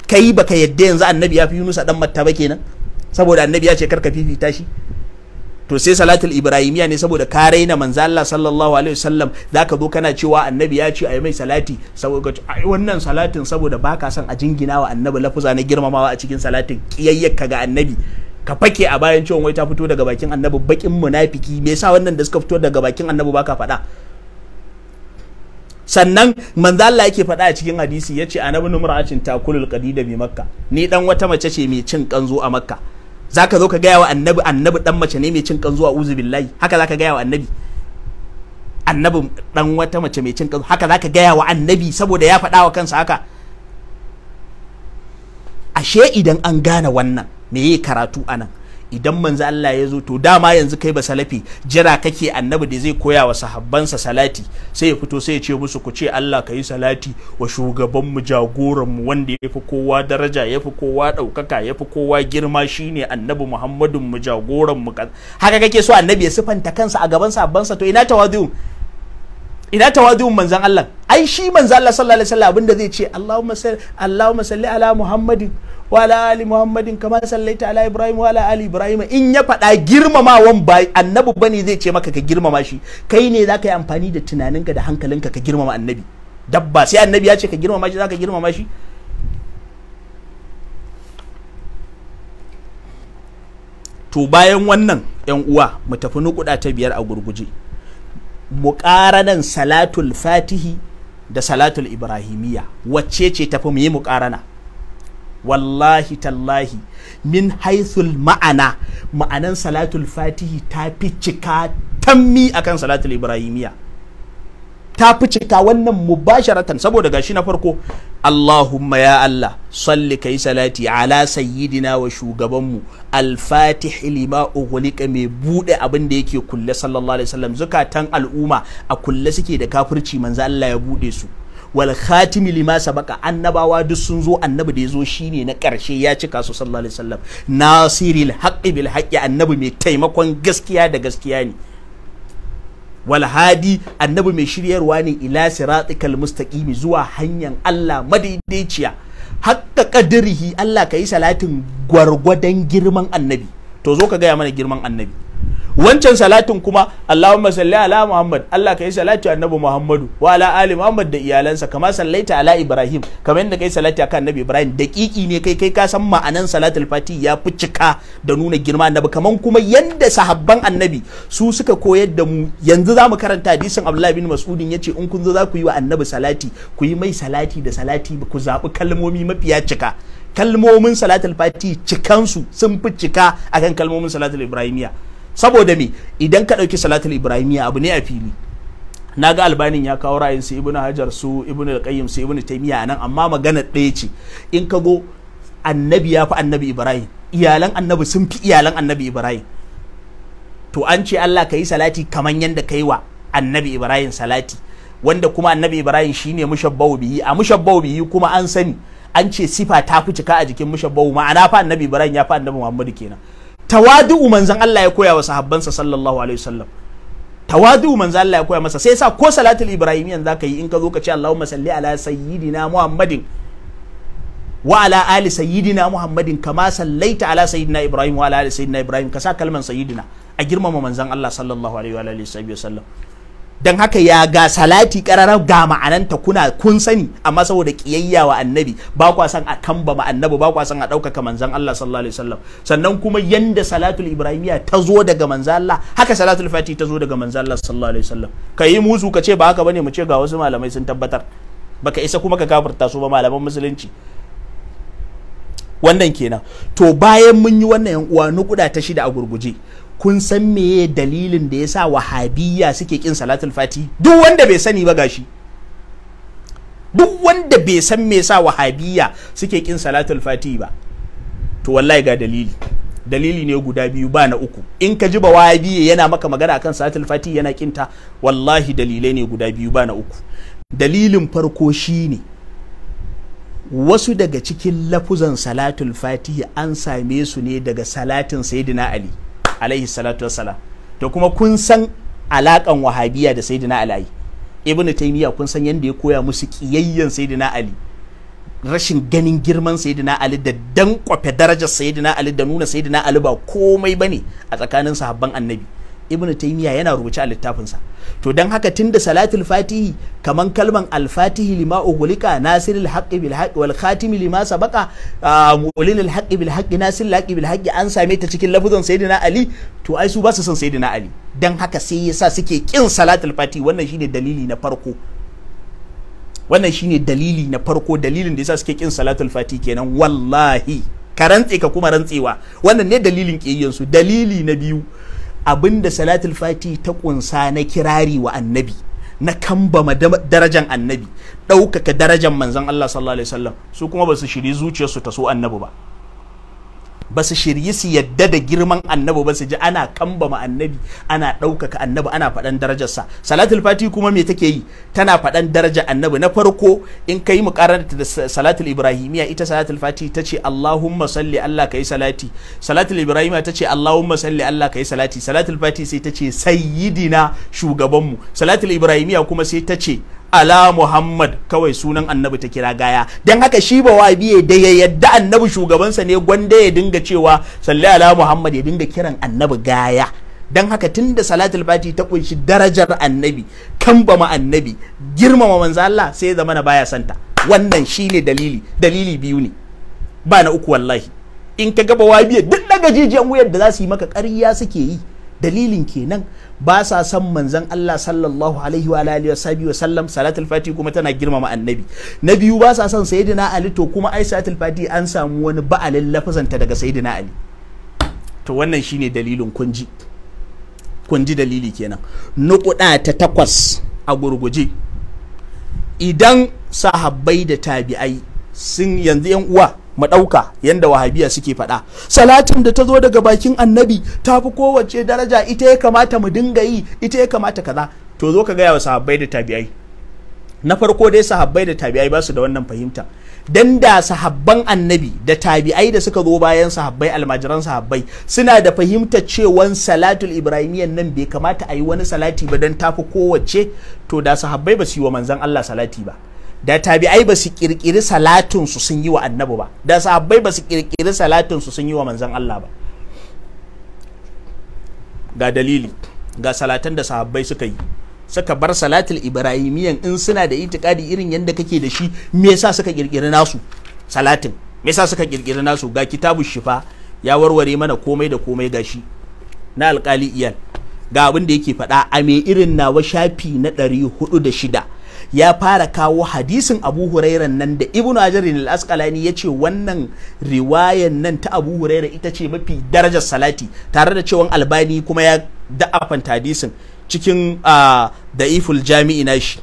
B: kai baka yadda yanzu annabi ya fi yunus dan matta ba kenan saboda annabi ya ce kar ka fifita shi to sai salatul ibrahimiya ne saboda ka raina manzo Allah sallallahu alaihi wasallam zaka zo kana cewa annabi ya ce ayi mai salati saboda wannan salatin saboda baka son a jinginawa annabi lafuza na girmamawa a cikin salatin kiyayyaka ga annabi ka fake a bayan ciwon wai ta fito daga bakin annabi bakin munafiki me yasa wannan da suka fito daga bakin annabi baka faɗa sannan manzo Allah yake faɗa a cikin hadisi yace annabi numra'atin takulul qadida bi makka ni dan wata mace ce mai cin kanzo a makka zaka zo ka gaya wa annabi annabi dan mace ne mai cin kanzo a uzu billahi haka zaka gaya wa annabi annabi dan wata mace mai cin kanzo haka zaka gaya wa annabi saboda ya faɗa wa kansa haka ashe idan an gane wannan me yi karatu anan idan manzo Allah ya zo to dama yanzu kai ba salafi jira kake annabi da zai koya wa sahabbansa salati sai ya fito sai ya ce musu ku ce Allah kai salati wa shugabanmu jagoranmu wanda ya fi kowa daraja ya fi kowa ɗaukaka ya fi kowa girma shine annabi Muhammadun mu jagoranmu haka kake so annabi ya sifanta kansa a gaban sahabbansa to ina tawadu ina tawadu'un manzan Allah ai shi manzo Allah sallallahu alaihi wasallam abinda zai ce Allahumma salli Allahumma salli ala Muhammadin wa ala ali muhammadin kama sallaita ala ibrahim wala ali ibrahim in ya faɗa girmamawan ba annabi bane zai ce maka ka girmama shi kai ne zaka yi amfani da tunaninka da hankalinka ka girmama annabi dabba sai annabi ya ce ka girmama shi zaka girmama shi to bayan wannan yan uwa mu tafi nukuda ta biyar a gurguje muƙaranan salatul fatihi da salatul ibrahimiyya wacce ce tafi mu yi muƙarana wallahi tallahi min haithul ma'ana ma'anan salatul fatihi ta fi cika tammi akan salatul ibrahimiya ta fi cika wannan mubasharatan saboda gashi na farko Allahumma ya Allah salli kai salati ala sayyidina wa shugabanmu al-fatih lima ughliqa mai bude abin da yake kulle sallallahu alaihi wasallam zukatan al'umma a kulle suke da kafirci manzo Allah ya bude su wal khatimi lima sabaka annabawa duk sun zo annabi da ya zo shine na ƙarshe ya cika su sallallahu alaihi wasallam nasiril haqqi bil haqqi annabi mai taimakon gaskiya da gaskiya ne wal hadi annabi mai shiryarwa ne ila siratikal mustaqimi zuwa hanyar Allah madaidaiciya hatta qadrihi Allah kai salatin gwargwadon girman annabi to zo ka gaya mana girman annabi wancan salatin kuma Allahumma salli ala Muhammad Allah kai salati annabi Muhammadu wa ala ali Muhammad da iyalansa kama sallaita ala Ibrahim kamar yadda kai salati akan annabi Ibrahim daƙiƙi ne kai kai ka san ma'anan salatul fati ya fi cika da nuna girma annabi kamar kuma yadda sahabban annabi su suka koyar da mu yanzu zamu karanta hadisin Abdullah bin Mas'udin yace in kun zo za ku yi wa annabi salati ku yi mai salati da salati ku zaɓi kalmomi mafiya cika kalmomin salatul fati cikansu sun fi cika akan kalmomin salatul ibrahimiya saboda me idan ka ɗauki salatul ibrahimiya abu ne a fili na ga albanin ya kawo ra'ayin su ibnu hajar su ibnu al-qayyim su ibnu taymiya anan amma magana ɗaya ce in ka go annabi ya fi annabi ibrahim iyalan annabi sun fi iyalan annabi ibrahim to an ce Allah ka yi salati kamar yadda ka yi wa annabi ibrahim salati wanda kuma annabi ibrahim shine mushabbahu bihi a mushabbahu bihi kuma an sani an ce sifa ta fi cika a jikin mushabbahu ma'ana fa annabi ibrahim ya fa annabi muhammadu kenan tawadu'u manzan Allah ya koya wa sahabbansa sallallahu alaihi wasallam tawadu manzo Allah ya koya masa sai yasa ko salatul ibrahimiyan zaka yi in ka zo ka ce Allahumma salli ala sayyidina Muhammadin wa ala ali sayyidina Muhammadin kama sallaita ala sayyidina Ibrahim wa ala ali sayyidina Ibrahim ka sa kalman sayyidina a girmama manzon Allah sallallahu alaihi wa alihi wasallam don haka ya ga salati karara ga ma'ananta kuna kun sani amma saboda kiyayya wa annabi ba kwa san a kamba ma annabi ba kwa san a ɗaukaka manzan Allah sallallahu alaihi wasallam sannan kuma yanda salatul ibrahimiya ta zo daga manzan Allah haka salatul fati ta zo daga manzan Allah sallallahu alaihi wasallam ka yi musu ka ce ba haka bane mu ce ga wasu malamai sun tabbatar baka isa kuma ka gafarta su ba malaman musulunci wannan kenan to bayan mun yi wannan yan uwa nukuda ta shida a gurguje kun san me dalilin da yasa wahabiyya suke kin salatul fati duk wanda bai sani ba gashi duk wanda bai san me yasa wahabiyya suke kin salatul fati ba to wallahi ga dalili dalili ne guda biyu ba na uku in ka ji ba wahabiyya yana maka magana akan salatul fati yana kinta wallahi dalilai ne guda biyu ba na uku dalilin farko shine wasu daga cikin lafuzan salatul fatihi an same su ne daga salatin sayyidina ali alaihi salatu wassalam to kuma kun san alakan wahabiya da sayyidina ali ibnu taymiya kun san yadda ya koya musu kiyayyen sayyidina ali rashin ganin girman sayyidina ali da dan kwafe darajar sayyidina ali da nuna sayyidina ali ba komai bane a tsakanin sahabban annabi ibnu taymiya yana rubuce a littafinsa to don haka tun da salatul fatihi kaman kalman al-fatihi lima ughliqa nasiril haqqi bil haqqi wal khatimi lima sabaqa ah, mulil haqqi bil haqqi nasiril haqqi bil haqqi an same ta cikin lafuzan sayyidina ali to ai su ba su son sayyidina ali Don haka sai yasa suke kin salatul fatihi wannan shine dalili na farko wannan shine dalili na farko dalilin da yasa suke kin salatul fati kenan wallahi ka rantse ka kuma rantsewa wannan ne dalilin kiyayyansu dalili na biyu da salatul fati ta kunsa na kirari wa annabi na kambama darajan annabi ɗaukaka darajan manzon Allah sallallahu alaihi wasallam su kuma ba su shiri zuciyarsu ta so annabi ba ba su shirye su yadda da girman annabi ba su ji ana kambama annabi ana ɗaukaka annabi ana faɗan darajarsa salatul fati kuma me take yi tana faɗan daraja annabi na farko in ka yi muƙararta da salatul ibrahimiya ita salatul fati ta ce allahumma salli allah ka yi salati salatul ibrahimiya ta ce allahumma salli allah ka yi salati salatul fati sai ta ce sayyidina shugabanmu salatul ibrahimiya kuma sai ta ce ala Muhammad kawai sunan annabi ta kira gaya don haka shi ba wabi da ya yadda annabi shugabansa ne gwanda ya dinga cewa salli ala Muhammad ya dinga kiran annabi gaya don haka tun da salatul fati ta kunshi darajar annabi kambama annabi girmama manzo Allah sai zama na baya santa wannan shine dalili dalili biyu ne ba na uku wallahi in ka gaba wabiye duk daga jijiyan wuyar da za su yi maka ƙarya suke yi dalilin kenan ba sa san manzon Allah sallallahu alaihi wa alihi wa sallam salatul fati kuma tana girmama annabi na biyu ba sa san sayyidina ali to kuma ai salatul fati an samu wani ba'alin lafazanta daga sayyidina ali to wannan shine dalilin kunji kunji dalili kenan nukuda ta takwas a gurguje idan sahabbai da tabi'ai sun yanzu yan uwa mu ɗauka yanda wahabiya suke faɗa salatin da ta zo daga bakin annabi ta fi kowace daraja ita ya kamata mu dinga yi ita ya kamata kaza to zo ka gaya wa sahabbai da tabi'ai na farko dai sahabbai da tabi'ai ba su da wannan fahimta dan da sahabban annabi da tabi'ai da suka zo bayan sahabbai almajiran sahabbai suna da fahimtar cewan salatul ibrahimiyyan nan bai kamata a yi wani salati ba dan tafi kowace to da sahabbai ba su yi wa manzon Allah salati ba da tabi'ai ba su kirkiri salatin su sun yi wa annabi ba da sahabbai ba su kirkiri salatin su sun yi wa manzon Allah ba ga dalili ga salatan da sahabbai suka yi suka bar salatul ibrahimiyan in suna da itikadi irin yadda kake da shi me yasa suka kirkiri nasu salatin me yasa suka kirkiri nasu ga kitabu shifa ya warware mana komai da komai ga shi. na alkali iyal ga abin da yake faɗa a me irin nawa shafi na ɗari hudu da shida ya fara kawo hadisin abu hurairan nan da ibnu ajarin al-asqalani ya ce wannan riwayan nan ta abu huraira ita ce mafi darajar salati tare da cewan albani kuma ya da'afanta hadisin cikin ah, da'iful jami'i nashi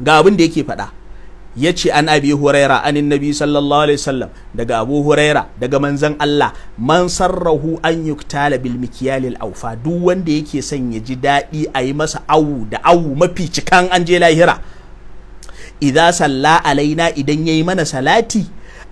B: ga abin da yake faɗa ya ce an abi huraira anin nabi sallallahu alaihi wasallam daga abu huraira daga manzan Allah man sarrahu an yuktala bil al aufa duk wanda yake son ya ji daɗi ayi masa awu da awu mafi cikan an je lahira idza salla alaina idan yayi mana salati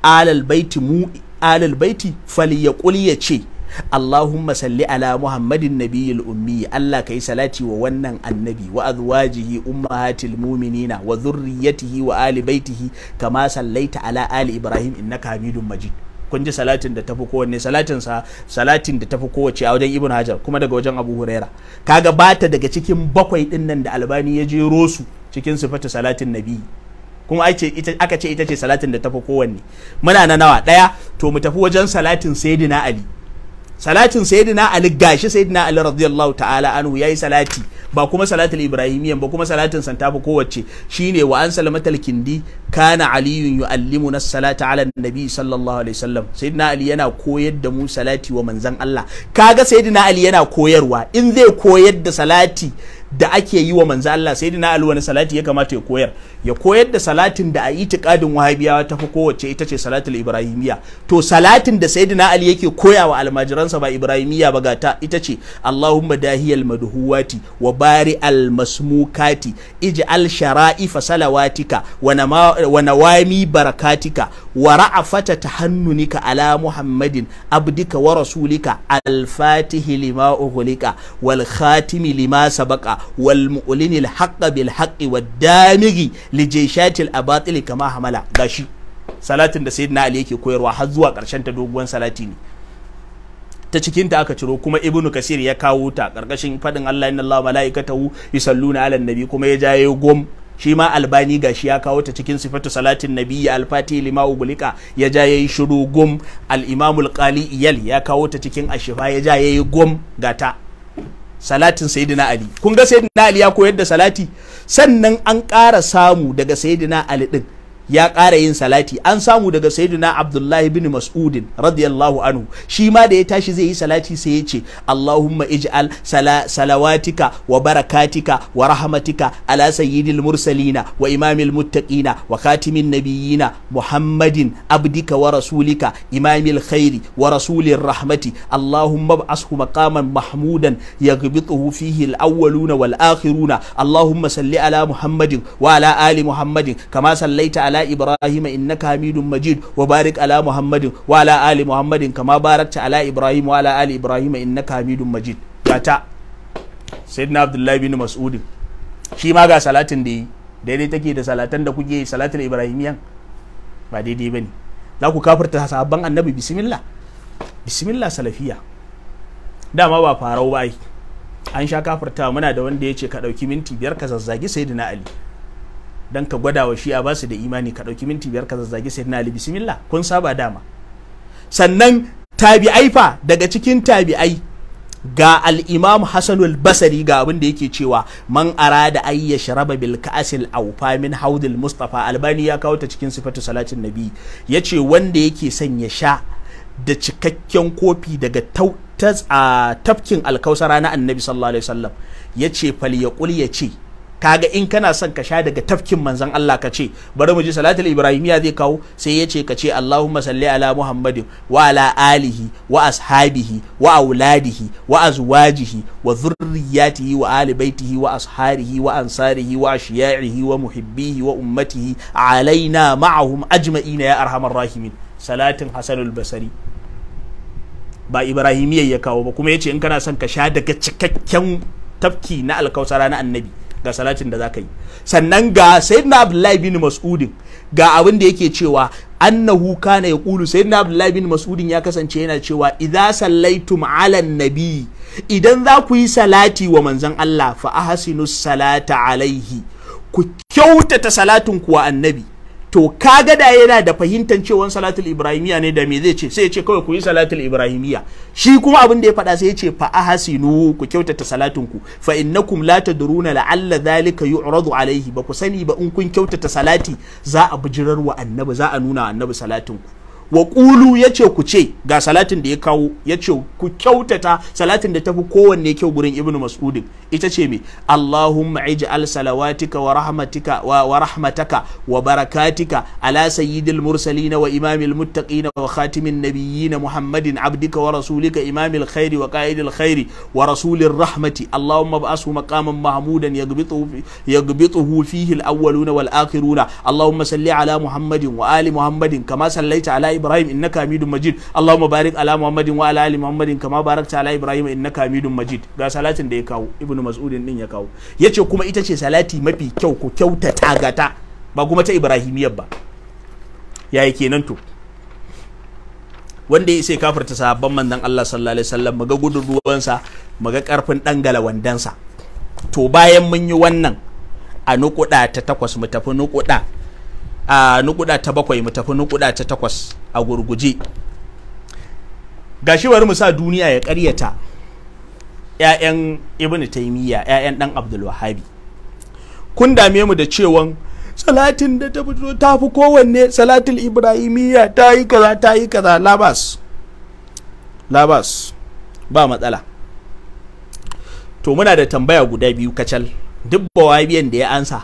B: alal baiti mu alal baiti fali ya ce Allahumma salli ala Muhammadin nabiyil ummi Allah kai salati wa wannan annabi wa azwajihi ummahatil mu'minina wa zurriyyatihi wa ali baitihi kama sallaita ala ali Ibrahim innaka Hamidum Majid kun ji salatin da tafi kowanne salatin sa salatin da tafi kowace a wajen Ibn Hajar kuma daga wajen Abu Huraira kaga bata daga cikin bakwai din nan da Albani ya jero su cikin sifatu salatin nabi kuma aka ce ita ce salatin da tafi kowanne muna na nawa daya to mu tafi wajen salatin sayyidina Ali salatin sayyidina ali gashi sayyidina ali radiyallahu ta'ala anhu yayi salati ba kuma salatul ibrahimiyyan ba kuma salatin santa ba kowace shine wa an salamatal kindi kana ali yuallimuna salata ala nabi sallallahu alaihi wasallam sayyidina ali yana koyar da mu salati wa manzan Allah kaga sayyidina ali yana koyarwa in zai koyar da salati da ake yi wa manzo Allah sai dina Ali salati ya kamata ya koyar ya koyar da salatin da a itikadin wahabiyawa ta fi kowace ita ce salatul ibrahimiya to salatin da sayyidina Ali yake koya wa almajiransa ba Ibrahimiyya ba gata ita ce Allahumma dahiyal madhuwati wa bari al masmukati ij'al shara'ifa salawatika wa nawami barakatika wa ra'afata tahannunika ala muhammadin abdika wa rasulika al fatihi lima ughliqa wal khatimi lima sabaka wal mu'lini al haqqa bil haqqi wad damigi li jayshatil abatil kama hamala gashi salatin da sayyidina ali yake koyarwa har zuwa karshen ta doguwan salati ne ta cikin ta aka ciro kuma ibnu kasir ya kawo ta karkashin fadin Allah inna Allah malaikatahu yusalluna ala nabi kuma ya jaye gom shi ma albani gashi ya kawo ta cikin sifatu salatin Nabi nabiyya alfati lima ugulika ya ja yayi shiru al-imamul qali iyal ya kawo ta cikin ashifa ya ja yayi gata salatin sayyidina ali kun ga sayyidina ali ya koyar da salati sannan an ƙara samu daga sayyidina ali din ya ƙara yin salati an samu daga sayyidina abdullahi bin mas'udin radiyallahu anhu shi ma da ya tashi zai yi salati sai ya ce allahumma ij'al sala, salawatika wa barakatika wa rahmatika ala sayyidil mursalina wa imamil muttaqina wa khatimin nabiyyina muhammadin abdika wa rasulika imamil khairi wa rasulir rahmati allahumma ba'ashu maqaman mahmudan yaghbituhu fihi al-awwaluna wal akhiruna allahumma salli ala muhammadin wa ala ali muhammadin kama sallaita ala ibrahim innaka hamidun majid wa barik ala muhammadin wa ala ali muhammadin kama barakta ala ibrahim wa ala ali ibrahim innaka hamidun majid gata sayyidina abdullahi bin mas'ud shi ma ga salatin da yi daidai take da salatan da kuke salatin ibrahimiyan ba daidai bane za ku kafirta sahabban annabi bismillah bismillah salafiya dama ba farau ba an sha kafirta muna da wanda ya ce ka ɗauki minti biyar ka zazzagi sayyidina ali dan ka gwada wa shi'a basu da imani ka ɗauki minti biyar ka zazzage sayyidina ali bismillah kun saba dama sannan tabi'ai fa daga cikin tabi'ai ga al-imam hasanul basari ga abin da yake cewa man arada ay yashraba bil ka'sil awfa min haudil Mustapha, albani ya kawo ta cikin sifatu salatin nabi yace wanda yake son ya sha da cikakken kofi daga tafkin alkausara na annabi sallallahu alaihi wasallam yace fal yaqul yace kaga in kana son ka sha daga tafkin manzon Allah ka ce bari mu ji salatul ibrahimiya zai kawo sai ya ce ka ce Allahumma salli ala Muhammadin wa ala alihi wa ashabihi wa auladihi wa azwajihi wa zurriyatihi wa ali baitihi wa asharihi wa ansarihi wa ashiya'ihi wa muhibbihi wa ummatihi alaina ma'ahum ajma'ina ya arhamar rahimin salatin hasanul basari ba ibrahimiya ya kawo ba kuma ya ce in kana son ka sha daga cikakken tafki na alkausara na annabi ga salatin da za ka yi sannan ga sayyidina abdullahi bin mas'udin ga abin da yake cewa annahu kana Kulu." sayyidina abdullahi bin mas'udin ya kasance yana cewa idza sallaitum ala nabi idan za ku yi salati wa manzon Allah fa ahsinu salata alaihi ku kyautata salatin wa annabi to kaga da yana da fahimtar cewa salatul ibrahimiya ne da me zai ce sai ya ce kawai ku yi salatul ibrahimiya shi kuma abin da ya faɗa sai ya ce fa ahsinu ku kyautata salatun ku fa innakum la tadruna la'alla zalika yu'radu alaihi ba ku sani ba in kun kyautata salati za a bijirar wa annabi za a nuna annabi salatin ku wa yace ya ce ku ce ga salatin da ya kawo ya ce ku kyautata salatin da tafi kowanne kyau gurin ibnu mas'udin ita ce me allahumma ij'al salawatika wa rahmatika wa, wa rahmataka wa barakatika ala sayyidil mursalin wa imamil muttaqin wa khatimin nabiyyin muhammadin abdika wa rasulika imamil khairi wa qa'idil khairi wa rasulir rahmati allahumma ba'asu maqaman mahmudan yaghbituhu yaghbituhu fihi al-awwaluna wal akhiruna allahumma salli ala muhammadin wa ali muhammadin kama sallaita ala ibrahim innaka hamidun majid allahumma barik ala muhammadin wa ala ali muhammadin kama barakta ala ibrahim innaka hamidun majid ga salatin da ya kawo Ibn mas'udin din ya kawo yace kuma ita ce salati mafi kyau ko ku ta gata ba kuma ta ibrahimiyya ba yayi kenan to wanda ya sai kafarta sahabban manzon Allah sallallahu alaihi wasallam maga gudun ruwan sa maga karfin dan galawandansa to bayan mun yi wannan a nukuda ta takwas mu tafi nukuda a nukuda ta bakwai mu tafi nukuda ta takwas a gurguje gashi bari mu sa duniya ya ƙaryata ‘ya'yan ibnu taymiya ƴaƴan ɗan abdul wahabi kun dame mu da cewan salatin da ta fito ta fi kowanne salatul ibrahimiyya ta yi kaza ta yi kaza labas labas ba matsala to muna da tambaya guda biyu kacal duk bawabiyan da ya ansa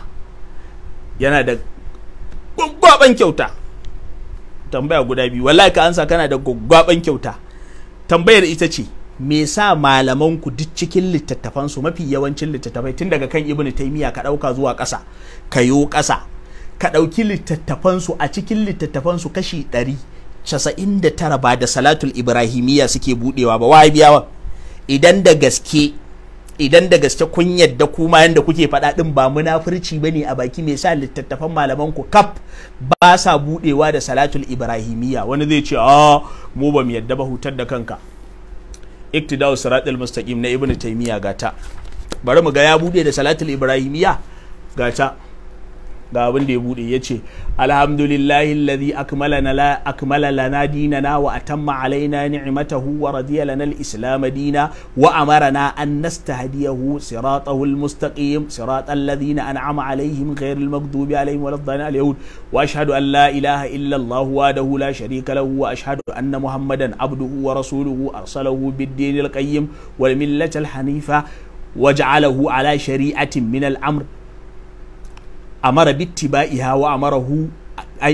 B: yana da gwaggwaban kyauta tambaya guda biyu wallahi ka ansa kana da gwaggwaban kyauta tambayar ita ce me sa malaman ku duk cikin littattafan su mafi yawancin littattafai tun daga kan ibnu taymiya ka dauka zuwa ƙasa ka yo ƙasa ka dauki littattafan su a cikin littattafan su kashi tara ba da salatul ibrahimiyya suke budewa ba wahabiyawa idan da gaske idan da gaske kun yadda kuma yadda kuke faɗa ɗin ba munafurci ba ne a baki mai sa littattafan malaman ku kaf ba sa buɗewa da salatul ibrahimiyya wani zai ce a ah, mu ba mu yadda ba hutar da kanka iktidau siratul mustaqim na ibnu taymiya gata bari mu ga ya buɗe da salatul ibrahimiyya gata ga abin da ya bude ya ce alhamdulillahi alladhi akmala lana akmala lana dinana wa atamma alaina ni'matahu wa radiya lana al-islam dina wa amarana an nastahdiyahu siratahu al-mustaqim siratal ladina an'ama alaihim ghayril maghdubi alaihim waladdallin al-yahud wa ashhadu an la ilaha illa allah wahdahu la sharika lahu wa ashhadu anna muhammadan abduhu wa rasuluhu arsalahu bid-din al-qayyim wal millati al-hanifa waj'alahu ala shari'atin min al-amr amara bittiba'iha wa amarahu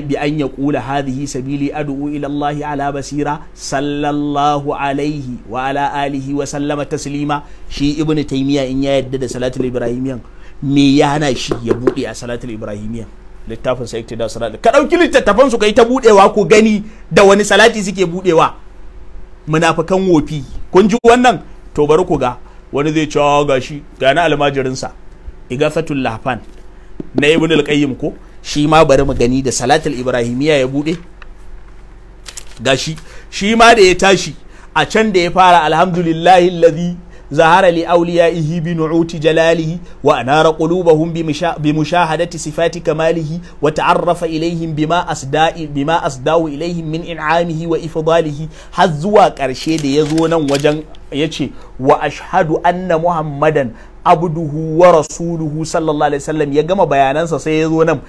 B: bi an ya kula hadihi sabili adu'u ila Allah ala basira sallallahu alaihi wa ala alihi wa sallama taslima shi ibnu taymiya in ya yadda da salatul ibrahimiyan me ya hana shi ya bude a salatul ibrahimiyan littafin sa iktida salat ka dauki littattafan su kai ta budewa ku gani da wani salati suke budewa munafikan wofi kun ji wannan to bari ku ga wani zai ce gashi ga na almajirin sa igafatul lahfan na ibn al-qayyim ko shi ma bari mu gani da salatul ibrahimiya ya bude gashi shi ma da ya tashi a can da ya fara alhamdulillahi alladhi zahara li awliyaihi bi nu'uti jalalihi wa anara qulubahum bi mushahadati sifati kamalihi wa ta'arrafa ilaihim bima asda'i bima asda'u ilaihim min in'amihi wa ifdalihi har zuwa karshe da yazo nan wajen yace wa ashhadu anna muhammadan abduhu wa rasuluhu sallallahu alaihi wasallam ya gama bayanansa sai ya zo nan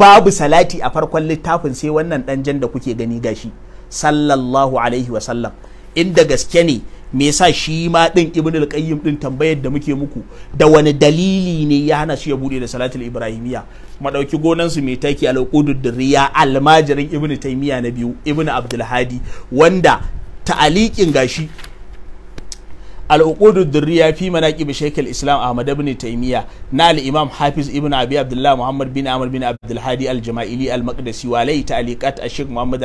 B: babu salati a farkon littafin sai wannan dan jan da kuke gani gashi sallallahu alaihi wasallam inda gaske ne me yasa shi ma din ibn al-qayyim din tambayar da muke muku da wani dalili ne ya hana shi ya bude da salatul ibrahimiya madauki gonan su mai taki al-qudud dirriya almajirin ibnu taymiya na biyu ibn abdul hadi wanda ta'aliqin gashi al'uqudu ya fi manaqib shaykh al-islam ahmad ibn taymiya na al-imam hafiz ibn abi Abdullahi muhammad bin amr bin abdul al makdasi al-maqdisi wa lay ta'liqat ash-shaykh muhammad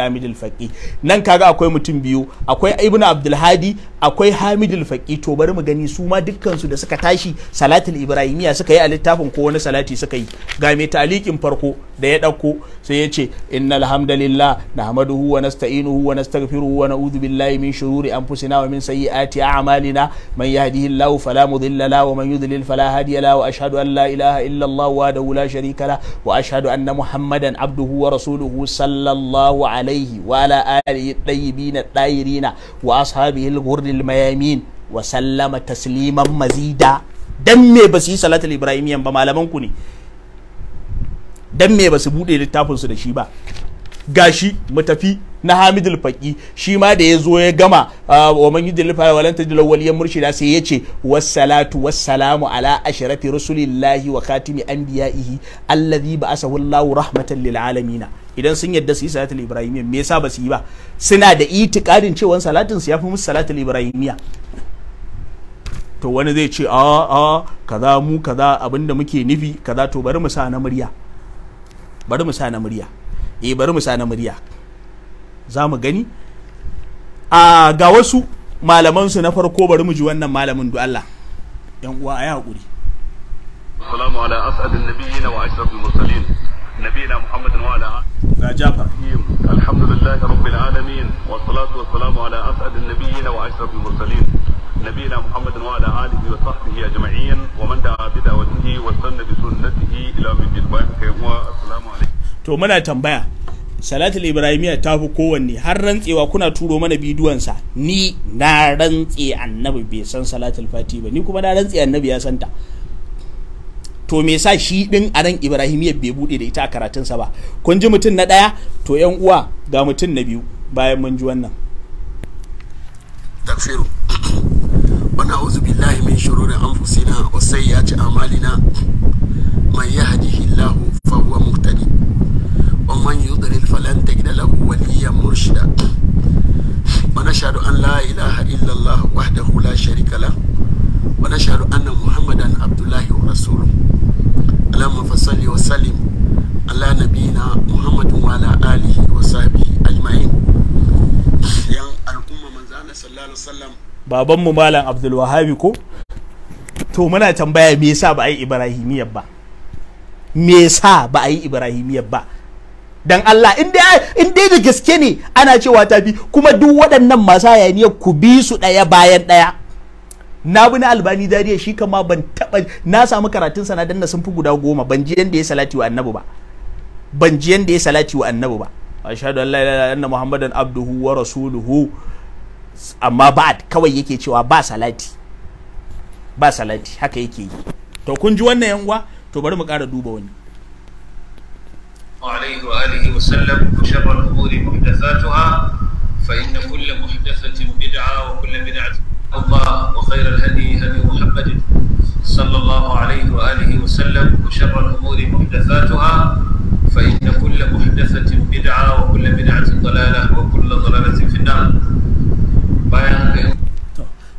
B: nan kaga akwai mutum biyu akwai ibn Abdulhadi akwai hamid al to bari mu gani su ma dukkansu da suka tashi salatin ibrahimiya suka yi a littafin ko wani salati suka yi ga mai talikin farko da ya dauko sai ya ce innal hamdalillah nahmaduhu wa nasta'inuhu wa nastaghfiruhu wa na'udhu billahi min shururi anfusina wa min sayyiati a'malina من يهده الله فلا مضل له ومن يضلل فلا هادي له واشهد ان لا اله الا الله وحده لا شريك له واشهد ان محمدا عبده ورسوله صلى الله عليه وعلى اله الطيبين الطاهرين واصحابه الغر الميامين وسلم تسليما مزيدا dan me ba su yi salatul ibrahimiyan ba malaman ku ne dan me ba su bude littafin su da shi ba gashi mu tafi na hamidul faki shi ma da ya zo ya gama wa man yudil fa walan tajil waliyan murshida sai ya ce wassalatu wassalamu ala ashrafi rusulillahi wa khatimi anbiya'ihi alladhi ba'asahu Allahu rahmatan lil alamin idan sun yadda su yi salatul ibrahimiyya me yasa ba su yi ba suna da itikadin cewa salatin su yafi musu salatul ibrahimiyya to wani zai ce a a kaza mu kaza abinda muke nufi kaza to bari mu sa na murya bari mu sa na murya e bari mu na murya za mu gani a ga wasu malaman su na farko bari mu ji wannan malamin du Allah yan uwa ayi hakuri assalamu ala as'ad wa nabiyina muhammadin wa ala ga jafar rabbil alamin wa salatu wa salamu ala wa نبينا محمد وعلى آله وصحبه ومن دعا بدعوته بسنته إلى من بالبعث السلام عليكم to muna tambaya salatul ibrahimiya ta fi kowanne har rantsewa kuna turo mana bidiyonsa ni na rantse annabi bai san salatul fati ba ni kuma na rantse annabi ya santa to me sa shi din a ran ibrahimiya bai bude da ita a karatunsa ba kun ji mutum na ɗaya to yan uwa ga mutum na biyu bayan mun ji wannan takfiru wa auzu billahi min shururi anfusina wa sayyiati a'malina man yahdihillahu fa huwa muhtadi ومن يضلل فلن تجد له وليا مرشدا ونشهد أن لا إله إلا الله وحده لا شريك له ونشهد أن محمدا عبد الله ورسوله اللهم فصل وسلم على نبينا محمد وعلى آله وصحبه أجمعين
A: yan al'umma manzana sallallahu alaihi wasallam
B: baban mu malam Abdul ko to muna tambaya me yasa ba a yi Ibrahimiyya ba me yasa ba yi Ibrahimiyya ba dan Allah in dai da gaske ne ana cewa ta bi kuma duk waɗannan masu hayaniyar ku bi su ɗaya bayan ɗaya na bi na albani dariya shi kama ban taɓa na samu karatun sana dan na sun fi guda goma ban ji yanda ya salati wa annabi ba ban ji yanda ya salati wa annabi ba ashhadu an la ilaha anna muhammadan abduhu wa rasuluhu amma ba kawai yake cewa ba salati ba salati haka yake yi to kun ji wannan yan uwa to bari mu ƙara duba wani
A: عليه وآله وسلم وشر الأمور محدثاتها فإن كل محدثة بدعة وكل بدعة الله وخير الهدي هدي محمد صلى الله عليه وآله وسلم وشر الأمور محدثاتها فإن كل محدثة بدعة وكل بدعة ضلالة وكل ضلالة في النار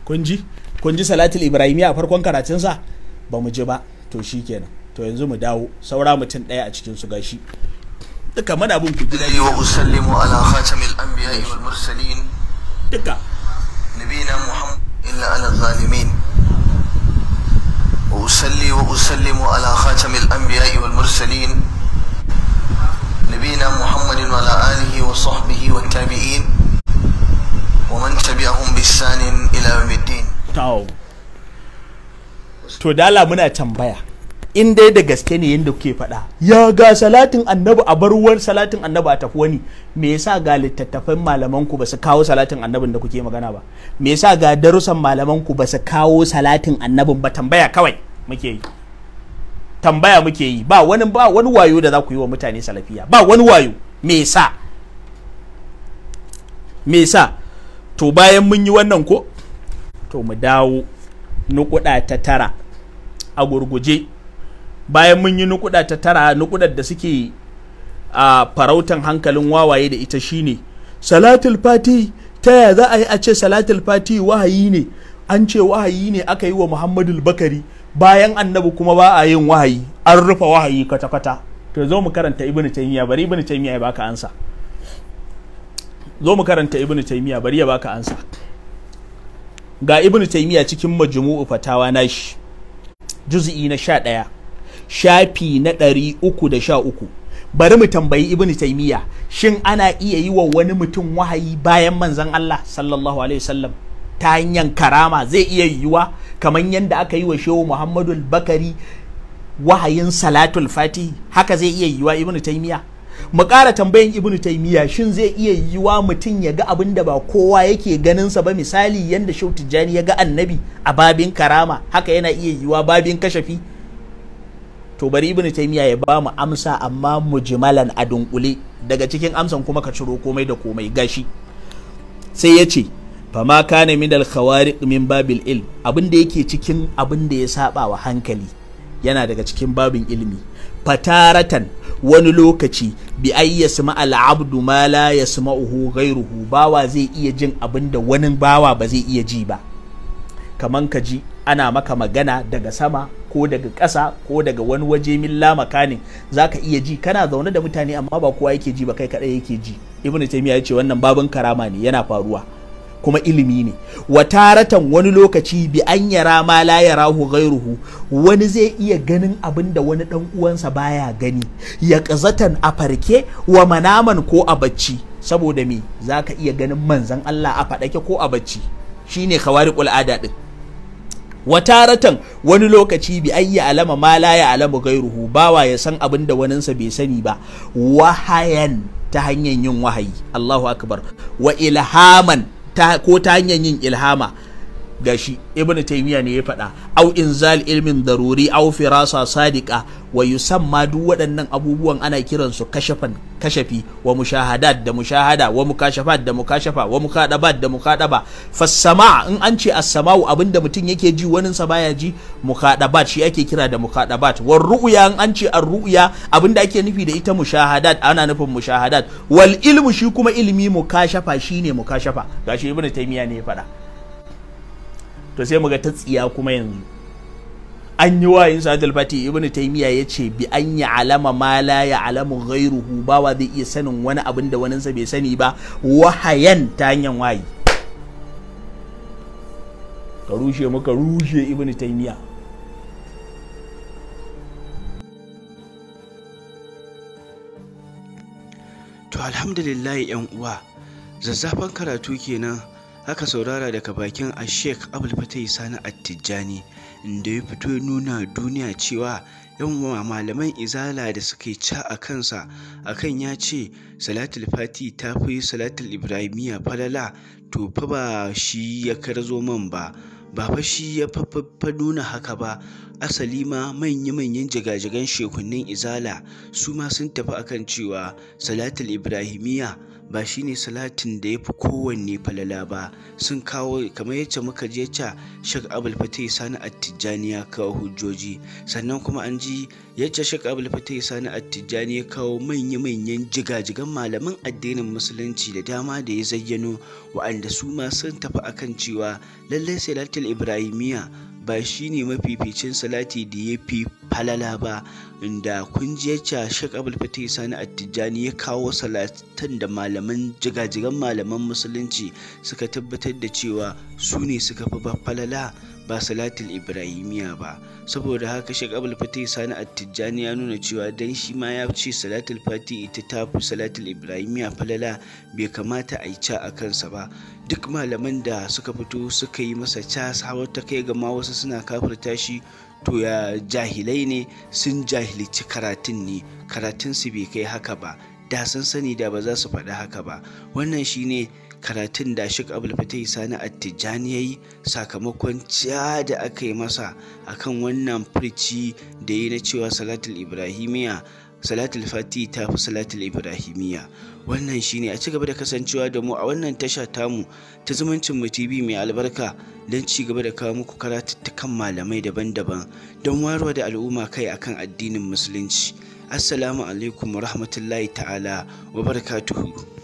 B: kunji kunji salatul ibrahim a farkon karatunsa ba mu ji ba to shikenan to yanzu mu dawo saura mutum ɗaya a cikin su gashi duka mana
A: bin ku yi wa usallimu ala khatamil anbiya'i wal mursalin duka nabina muhammad illa ala zalimin wa usalli wa usallimu ala khatamil anbiya'i wal mursalin نبينا محمد وعلى آله وصحبه والتابعين ومن تبعهم بإحسان إلى يوم الدين.
B: تو دالا منا تنبيه in dai da gaske ne yadda kuke faɗa ya ga salatin annabi a baruwar salatin annabi a tafi wani me yasa ga littattafan malaman ku ba su kawo salatin annabin da kuke magana ba me yasa ga darussan malaman ku ba su kawo salatin annabin ba tambaya kawai muke yi tambaya muke yi ba wani ba wani wayo da za ku yi wa mutane salafiya ba wani wayo me yasa me yasa to bayan mun yi wannan ko to mu dawo nukuda ta tara a gurguje bayan mun yi nukuda ta tara nukudar da suke a farautan hankalin wawaye da ita shine salatul fati ta ya za a yi a ce salatul fati wahayi ne an ce wahayi ne aka yi wa muhammadul bakari bayan annabi kuma ba a yin wahayi an rufe wahayi kwata-kwata to zo mu karanta ibn taymiya bari ibn taymiya ya baka ansa zo mu karanta ibn taymiya bari ya baka ansa ga ibn taymiya cikin majmu'u fatawa nashi juz'i na 11 shafi na ɗari uku da sha uku bari mu tambayi ibnu taimiyya shin ana iya yi wa wani mutum wahayi bayan manzon Allah sallallahu alaihi wasallam ta hanyar karama zai iya yiwuwa kamar yadda aka yi wa shehu Muhammadu bakari wahayin salatul Fati? haka zai iya yiwuwa ibnu taimiyya mu ƙara tambayin ibnu taimiyya shin zai iya yiwuwa mutum ya ga abin da ba kowa yake ganin sa ba misali yadda shehu tijjani ya ga annabi a babin karama haka yana iya yiwuwa babin kashafi to bari ibn taymiya ya ba mu amsa amma mujmalan a dunkule daga cikin amsan kuma ka ciro komai da komai gashi sai ya ce fama kane min dal khawariq min babil ilm abin da yake cikin abin da ya saba wa hankali yana daga cikin babin ilmi fataratan wani lokaci bi ai ya sama al'abdu ma la ya sama uhu gairuhu bawa zai iya jin abin da wani bawa ba zai iya ji ba kaman ka ji ana maka magana daga sama ko daga ƙasa ko daga wani waje milla makanin za ka iya ji kana zaune da mutane amma ba kowa yake ji ba kai kaɗai yake ji ibnu taymiya ya ce wannan babin karama ne yana faruwa kuma ilimi ne Wa taratan wani lokaci bi an yara ma la yarahu ghairuhu wani zai iya ganin abin da wani dan uwansa baya gani ya kazatan a farke wa manaman ko a bacci saboda me zaka iya ganin manzan Allah a faɗake ko a bacci shine khawariqul adad din wataratan wani lokaci bi ayya alama ma la ya alamu gairuhu bawa ya san abin da waninsa bai sani ba wahayan ta hanyar yin wahayi Allahu akbar wa ilhaman ta ko ta hanyar yin ilhama gashi ibn taymiya ne ya faɗa au inzal ilmin daruri au firasa sadiqa wa yusamma duk waɗannan abubuwan ana kiran su kashafan kashafi wa mushahadat da mushahada wa mukashafat da mukashafa wa mukadabat da mukadaba fassama in an ce as-sama'u abinda mutum yake ji wani sa baya ji mukadabat shi ake kira da mukadabat wa ru'ya in an ce ar-ru'ya abinda ake nufi da ita mushahadat ana nufin mushahadat wal ilmu shi kuma ilmi mukashafa shine mukashafa gashi ibn taymiya ne ya faɗa to sai mu ga ta tsiya kuma yanzu an yi wa yin sa'adul fati ibn taymiya ya ce bi an ya alama ma la ya alamu ba wa zai iya sanin wani abin da sa bai sani ba wahayan ta hanyar wayi ka rushe muka rushe ibn taymiya
A: to alhamdulillah yan uwa zazzafan karatu kenan Haka saurara daga bakin a sheik abulfatai sani attijani da ya fito nuna duniya cewa yan malaman izala da suke ca a kansa akan ya ce salatul fati ta fi salatul ibrahimiya falala to fa ba shi ya karzo man ba ba fa shi ya fa nuna haka ba asali ma manya-manyan jigajigan shekunnin izala su ma sun tafi akan cewa salatul Ibrahimiyya. ba shi ne salatin da ya fi kowanne falala ba sun kawo kamar yacce muka je ca shek abul fatih sani ya kawo hujjoji sannan kuma an ji yacce Sheikh fita Fatih Sani Attijani ya kawo manya-manyan jigajigan malaman addinin musulunci da dama da ya zayyano wa'anda su ma sun tafi akan cewa lallai Salatul ibrahimiya ba shi ne mafificin salati da ya fi falala ba inda kungiyarca shek fatih sani attijani ya kawo salatan da malaman jigajigan malaman musulunci suka tabbatar da cewa su ne suka fi falala ba salatul ibrahimiya ba saboda haka shi abul fatih sani tijjani ya nuna cewa dan shi ma ya ce salatul fati ita ta fi salatul ibrahimiya falala bai kamata a yi ca a kansa ba duk malaman da suka fito suka yi masa ca sahawar ta kai gama wasu suna kafirta shi to ya jahilai ne sun jahilci karatun ne karatun su bai kai haka ba da sun sani da ba za su faɗi haka ba wannan shine ne karatun da Sheikh Abdul Fatih Sani ya yi sakamakon ciya da aka yi masa a kan wannan furci da yi na cewa Salatul Ibrahimiya Salatul Fati ta fi Salatul Ibrahimiya. Wannan shi ne. a ci da kasancewa da mu a wannan tasha tamu ta zumuncin mu TV mai albarka don ci gaba da kawo muku karatuttukan malamai daban-daban don warwa da al'umma kai akan addinin musulunci. Assalamu alaikum wa rahmatullahi ta'ala wa barakatuhu.